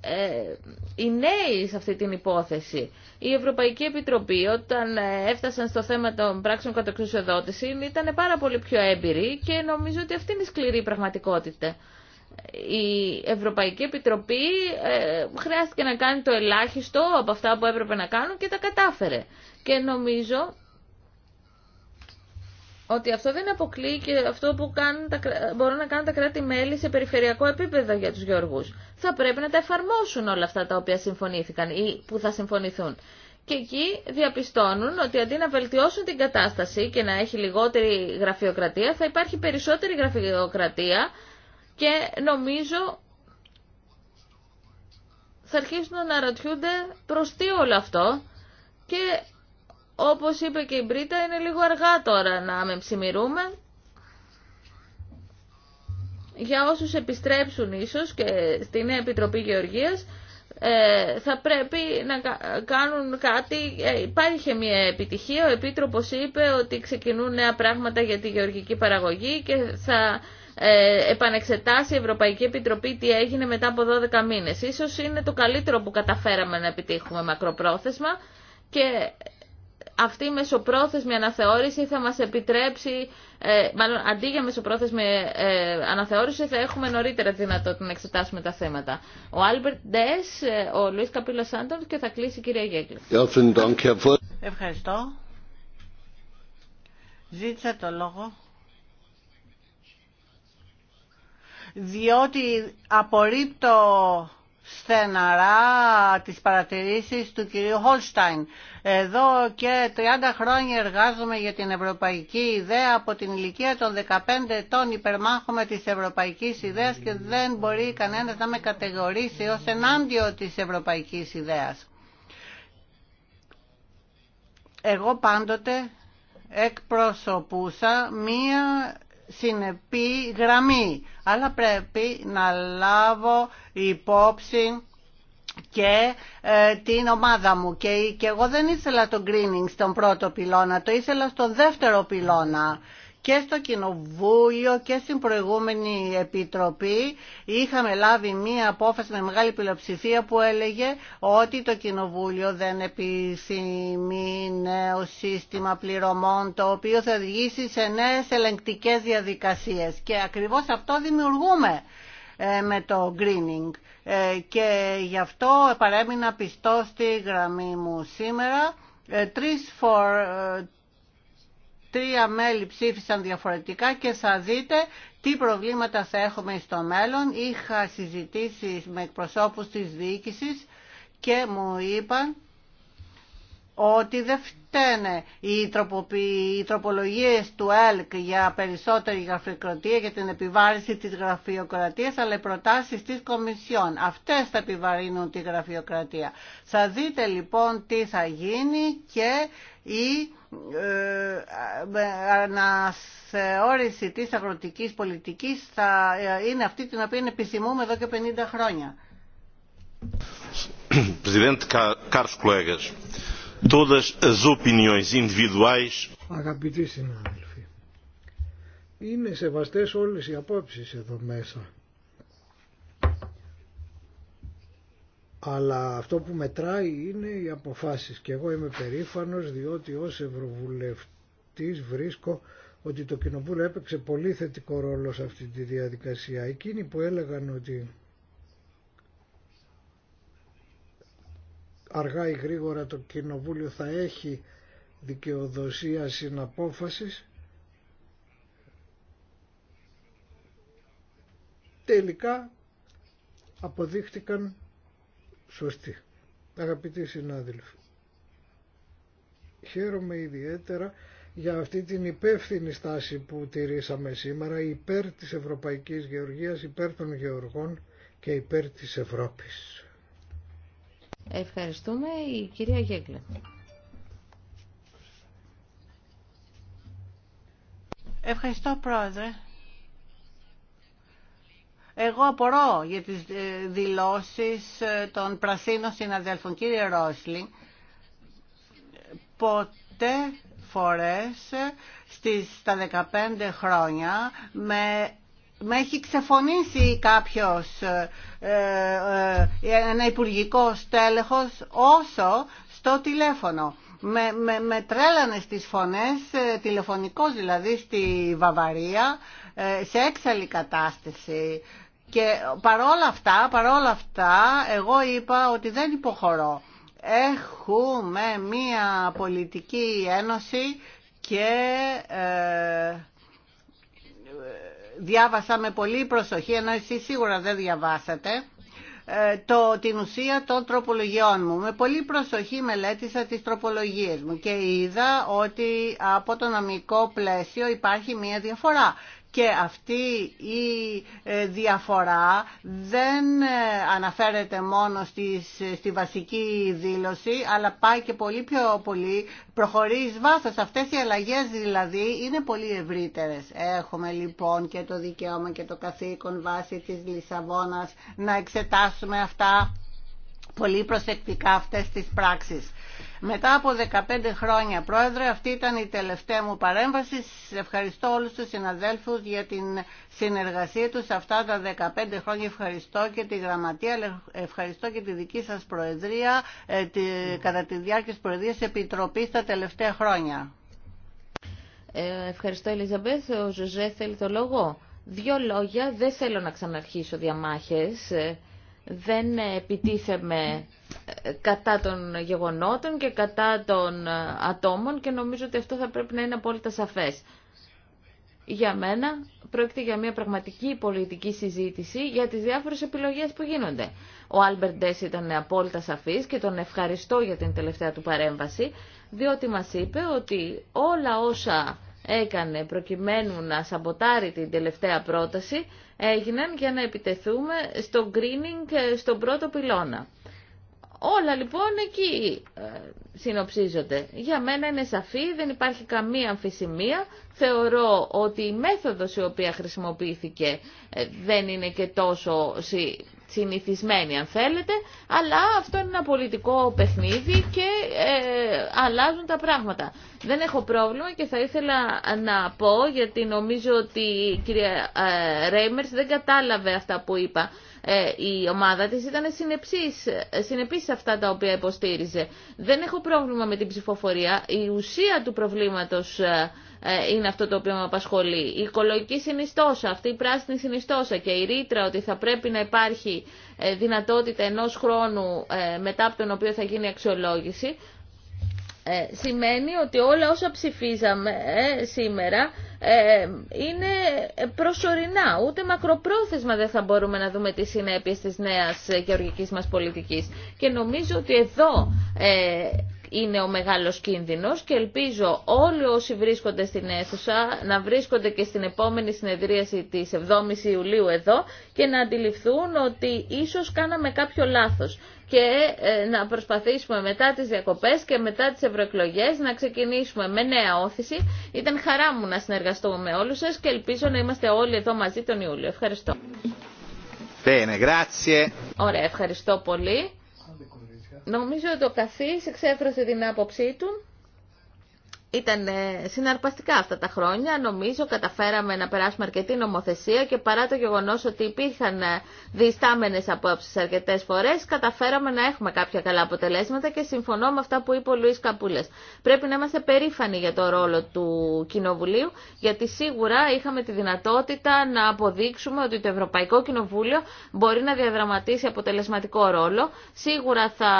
S1: ε, οι νέοι σε αυτή την υπόθεση. Η Ευρωπαϊκή Επιτροπή όταν ε, έφτασαν στο θέμα των πράξεων κατοξουσιοδότηση εξουσιοδότηση ήταν πάρα πολύ πιο έμπειροι και νομίζω ότι αυτή είναι η σκληρή πραγματικότητα. Η Ευρωπαϊκή Επιτροπή ε, χρειάστηκε να κάνει το ελάχιστο από αυτά που έπρεπε να κάνουν και τα κατάφερε. Και νομίζω ότι αυτό δεν αποκλείει και αυτό που κάνουν τα, μπορούν να κάνουν τα κράτη-μέλη σε περιφερειακό επίπεδο για τους γεωργούς. Θα πρέπει να τα εφαρμόσουν όλα αυτά τα οποία συμφωνήθηκαν ή που θα συμφωνηθούν. Και εκεί διαπιστώνουν ότι αντί να βελτιώσουν την κατάσταση και να έχει λιγότερη γραφειοκρατία, θα υπάρχει περισσότερη γραφειοκρατία και νομίζω θα αρχίσουν να αναρωτιούνται προς τι όλο αυτό και όπως είπε και η Μπρίτα, είναι λίγο αργά τώρα να με ψημιρούμε. Για όσους επιστρέψουν ίσως και στην Επιτροπή Γεωργίας, ε, θα πρέπει να κάνουν κάτι. Ε, υπάρχει μια επιτυχία. Ο Επίτροπος είπε ότι ξεκινούν νέα πράγματα για τη γεωργική παραγωγή και θα ε, επανεξετάσει η Ευρωπαϊκή Επιτροπή τι έγινε μετά από 12 μήνες. Ίσως είναι το καλύτερο που καταφέραμε να επιτύχουμε μακροπρόθεσμα και αυτή η μεσοπρόθεσμη αναθεώρηση θα μας επιτρέψει, ε, μάλλον αντί για μεσοπρόθεσμη ε, αναθεώρηση θα έχουμε νωρίτερα δυνατότητα να εξετάσουμε τα θέματα. Ο Άλμπερτ Ντες, ε, ο Λουίς Καπίλος Σάντον και θα κλείσει
S2: η κυρία Γέγκλη. Ευχαριστώ. Ζήτησα το λόγο. Διότι απορρίπτω στεναρά τις παρατηρήσεις του κυρίου Χολστάιν. Εδώ και 30 χρόνια εργάζομαι για την ευρωπαϊκή ιδέα από την ηλικία των 15 ετών υπερμάχομαι της ευρωπαϊκής ιδέας και δεν μπορεί κανένας να με κατηγορήσει ως ενάντιο της ευρωπαϊκής ιδέας. Εγώ πάντοτε εκπροσωπούσα μία συνεπή γραμμή. Αλλά πρέπει να λάβω υπόψη και ε, την ομάδα μου. Και, και εγώ δεν ήθελα το greening στον πρώτο πυλώνα, το ήθελα στον δεύτερο πυλώνα και στο Κοινοβούλιο και στην προηγούμενη Επιτροπή είχαμε λάβει μία απόφαση με μεγάλη πλειοψηφία που έλεγε ότι το Κοινοβούλιο δεν επισημεί νέο σύστημα πληρωμών το οποίο θα οδηγήσει σε νέες ελεγκτικές διαδικασίες και ακριβώς αυτό δημιουργούμε ε, με το greening ε, και γι' αυτό παρέμεινα πιστό στη γραμμή μου σήμερα ε, τρεις, φορ, τρία μέλη ψήφισαν διαφορετικά και θα δείτε τι προβλήματα θα έχουμε στο μέλλον. Είχα συζητήσει με εκπροσώπους της διοίκησης και μου είπαν ότι δεν φταίνε οι, τροπολογίες του ΕΛΚ για περισσότερη γραφειοκρατία για την επιβάρηση της γραφειοκρατίας αλλά οι προτάσεις της Κομισιόν αυτές θα επιβαρύνουν τη γραφειοκρατία θα δείτε λοιπόν τι θα γίνει και η ε, αναθεώρηση της αγροτικής πολιτικής θα ε, είναι αυτή την οποία επιθυμούμε εδώ και 50 χρόνια.
S3: Αγαπητοί συνάδελφοι, είναι σεβαστές όλες οι απόψεις εδώ μέσα. αλλά αυτό που μετράει είναι οι αποφάσεις και εγώ είμαι περήφανος διότι ως Ευρωβουλευτής βρίσκω ότι το Κοινοβούλιο έπαιξε πολύ θετικό ρόλο σε αυτή τη διαδικασία. Εκείνοι που έλεγαν ότι αργά ή γρήγορα το Κοινοβούλιο θα έχει δικαιοδοσία συναπόφασης τελικά αποδείχτηκαν σωστή. Αγαπητοί συνάδελφοι, χαίρομαι ιδιαίτερα για αυτή την υπεύθυνη στάση που τηρήσαμε σήμερα υπέρ της Ευρωπαϊκής Γεωργίας, υπέρ των Γεωργών και υπέρ της Ευρώπης.
S1: Ευχαριστούμε η
S2: κυρία Γέγκλε. Ευχαριστώ πρόεδρε. Εγώ απορώ για τις ε, δηλώσεις ε, των πρασίνων συναδέλφων. Κύριε Ρόσλι, ποτέ φορές ε, στις, στα 15 χρόνια με, με έχει ξεφωνήσει κάποιος ε, ε, ένα υπουργικό στέλεχος όσο στο τηλέφωνο. Με, με, με τρέλανε στις φωνές, ε, τηλεφωνικός δηλαδή στη Βαβαρία, σε έξαλλη κατάσταση. Και παρόλα αυτά, παρόλα αυτά, εγώ είπα ότι δεν υποχωρώ. Έχουμε μία πολιτική ένωση και ε, διάβασα με πολύ προσοχή, ενώ εσείς σίγουρα δεν διαβάσατε, ε, το, την ουσία των τροπολογιών μου. Με πολύ προσοχή μελέτησα τις τροπολογίες μου και είδα ότι από το νομικό πλαίσιο υπάρχει μία διαφορά και αυτή η ε, διαφορά δεν ε, αναφέρεται μόνο στη βασική δήλωση αλλά πάει και πολύ πιο πολύ προχωρεί εις βάθος. Αυτές οι αλλαγές δηλαδή είναι πολύ ευρύτερες. Έχουμε λοιπόν και το δικαίωμα και το καθήκον βάση της Λισαβόνας να εξετάσουμε αυτά πολύ προσεκτικά αυτές τις πράξεις. Μετά από 15 χρόνια, Πρόεδρε, αυτή ήταν η τελευταία μου παρέμβαση. ευχαριστώ όλους τους συναδέλφους για την συνεργασία τους αυτά τα 15 χρόνια. Ευχαριστώ και τη Γραμματεία, ευχαριστώ και τη δική σας Προεδρία ε, κατά τη διάρκεια της Προεδρίας Επιτροπής τα τελευταία χρόνια. Ε,
S1: ευχαριστώ, Ελιζαμπέθ. Ο Ζωζέ θέλει το λόγο. Δύο λόγια. Δεν θέλω να ξαναρχίσω διαμάχες. Ε, δεν επιτίθεμε ε, κατά των γεγονότων και κατά των ε, ατόμων και νομίζω ότι αυτό θα πρέπει να είναι απόλυτα σαφές. Για μένα πρόκειται για μια πραγματική πολιτική συζήτηση για τις διάφορες επιλογές που γίνονται. Ο Άλμπερντ Ντές ήταν απόλυτα σαφής και τον ευχαριστώ για την τελευταία του παρέμβαση, διότι μας είπε ότι όλα όσα έκανε προκειμένου να σαμποτάρει την τελευταία πρόταση έγιναν για να επιτεθούμε στο greening ε, στον πρώτο πυλώνα. Όλα λοιπόν εκεί ε, συνοψίζονται. Για μένα είναι σαφή, δεν υπάρχει καμία αμφισημία. Θεωρώ ότι η μέθοδος η οποία χρησιμοποιήθηκε ε, δεν είναι και τόσο συνηθισμένη αν θέλετε, αλλά αυτό είναι ένα πολιτικό παιχνίδι και ε, αλλάζουν τα πράγματα. Δεν έχω πρόβλημα και θα ήθελα να πω, γιατί νομίζω ότι η κυρία ε, Ρέιμερς δεν κατάλαβε αυτά που είπα. Ε, η ομάδα της ήταν συνεπής σε αυτά τα οποία υποστήριζε. Δεν έχω πρόβλημα με την ψηφοφορία. Η ουσία του προβλήματος ε, ε, είναι αυτό το οποίο με απασχολεί. Η οικολογική συνιστόσα, αυτή η πράσινη συνιστόσα και η ρήτρα ότι θα πρέπει να υπάρχει ε, δυνατότητα ενός χρόνου ε, μετά από τον οποίο θα γίνει αξιολόγηση, σημαίνει ότι όλα όσα ψηφίζαμε σήμερα είναι προσωρινά. Ούτε μακροπρόθεσμα δεν θα μπορούμε να δούμε τις συνέπειες της νέας γεωργικής μας πολιτικής. Και νομίζω ότι εδώ είναι ο μεγάλος κίνδυνος και ελπίζω όλοι όσοι βρίσκονται στην αίθουσα να βρίσκονται και στην επόμενη συνεδρίαση της 7ης Ιουλίου εδώ και να αντιληφθούν ότι ίσως κάναμε κάποιο λάθος και ε, να προσπαθήσουμε μετά τις διακοπές και μετά τις ευρωεκλογέ να ξεκινήσουμε με νέα όθηση. Ήταν χαρά μου να συνεργαστούμε με όλους σας και ελπίζω να είμαστε όλοι εδώ μαζί τον Ιούλιο. Ευχαριστώ. Ωραία, ευχαριστώ πολύ. Νομίζω ότι ο καθής εξέφρασε την άποψή του. Ήταν ε, συναρπαστικά αυτά τα χρόνια. Νομίζω καταφέραμε να περάσουμε αρκετή νομοθεσία και παρά το γεγονός ότι υπήρχαν ε, διστάμενε απόψεις αρκετές φορές, καταφέραμε να έχουμε κάποια καλά αποτελέσματα και συμφωνώ με αυτά που είπε ο Λουίς Καπούλες. Πρέπει να είμαστε περήφανοι για το ρόλο του Κοινοβουλίου, γιατί σίγουρα είχαμε τη δυνατότητα να αποδείξουμε ότι το Ευρωπαϊκό Κοινοβούλιο μπορεί να διαδραματίσει αποτελεσματικό ρόλο. Σίγουρα θα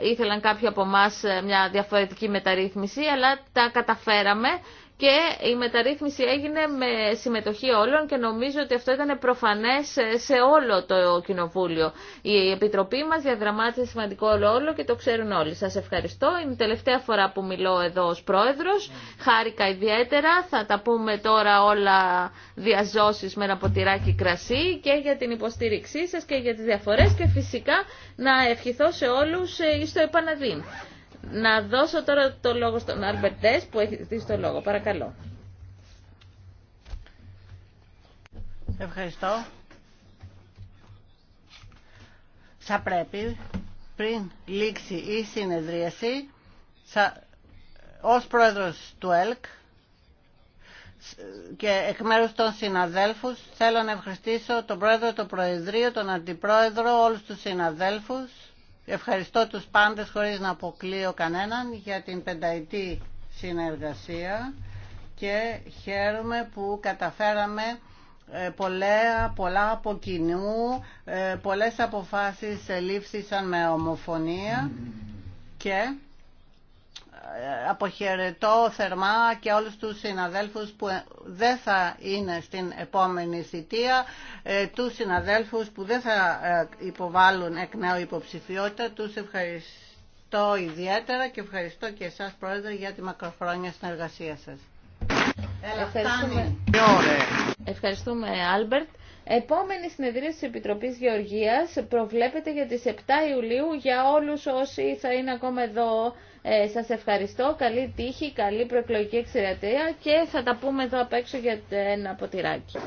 S1: ήθελαν κάποιοι από εμά ε, μια διαφορετική μεταρρύθμιση, αλλά τα καταφέραμε και η μεταρρύθμιση έγινε με συμμετοχή όλων και νομίζω ότι αυτό ήταν προφανές σε όλο το Κοινοβούλιο. Η Επιτροπή μας διαδραμάτισε σημαντικό ρόλο και το ξέρουν όλοι. Σας ευχαριστώ. Είναι η τελευταία φορά που μιλώ εδώ ως πρόεδρος. Χάρηκα ιδιαίτερα. Θα τα πούμε τώρα όλα διαζώσεις με ένα ποτηράκι κρασί και για την υποστήριξή σας και για τις διαφορές και φυσικά να ευχηθώ σε όλους ε, στο επαναδείμ. Να δώσω τώρα το λόγο στον Αλμπερτές που έχει ζητήσει το λόγο. Παρακαλώ.
S2: Ευχαριστώ. Θα πρέπει πριν λήξει η συνεδρίαση θα, ως πρόεδρος του ΕΛΚ και εκ μέρου των συναδέλφους θέλω να ευχαριστήσω τον πρόεδρο, το προεδρείο, τον αντιπρόεδρο, όλους τους συναδέλφους Ευχαριστώ τους πάντες χωρίς να αποκλείω κανέναν για την πενταετή συνεργασία και χαίρομαι που καταφέραμε ε, πολλά, πολλά από κοινού, ε, πολλές αποφάσεις λήφθησαν με ομοφωνία και αποχαιρετώ θερμά και όλους τους συναδέλφους που δεν θα είναι στην επόμενη θητεία, ε, τους συναδέλφους που δεν θα ε, υποβάλουν εκ νέου υποψηφιότητα, τους ευχαριστώ ιδιαίτερα και ευχαριστώ και εσάς Πρόεδρε για τη μακροχρόνια συνεργασία σας.
S1: Ευχαριστούμε. Ευχαριστούμε, Άλμπερτ. Επόμενη συνεδρία της Επιτροπής Γεωργίας προβλέπεται για τις 7 Ιουλίου για όλους όσοι θα είναι ακόμα εδώ ε, σας ευχαριστώ, καλή τύχη, καλή προεκλογική εξαιρετία και θα τα πούμε εδώ απ' έξω για ένα ποτηράκι.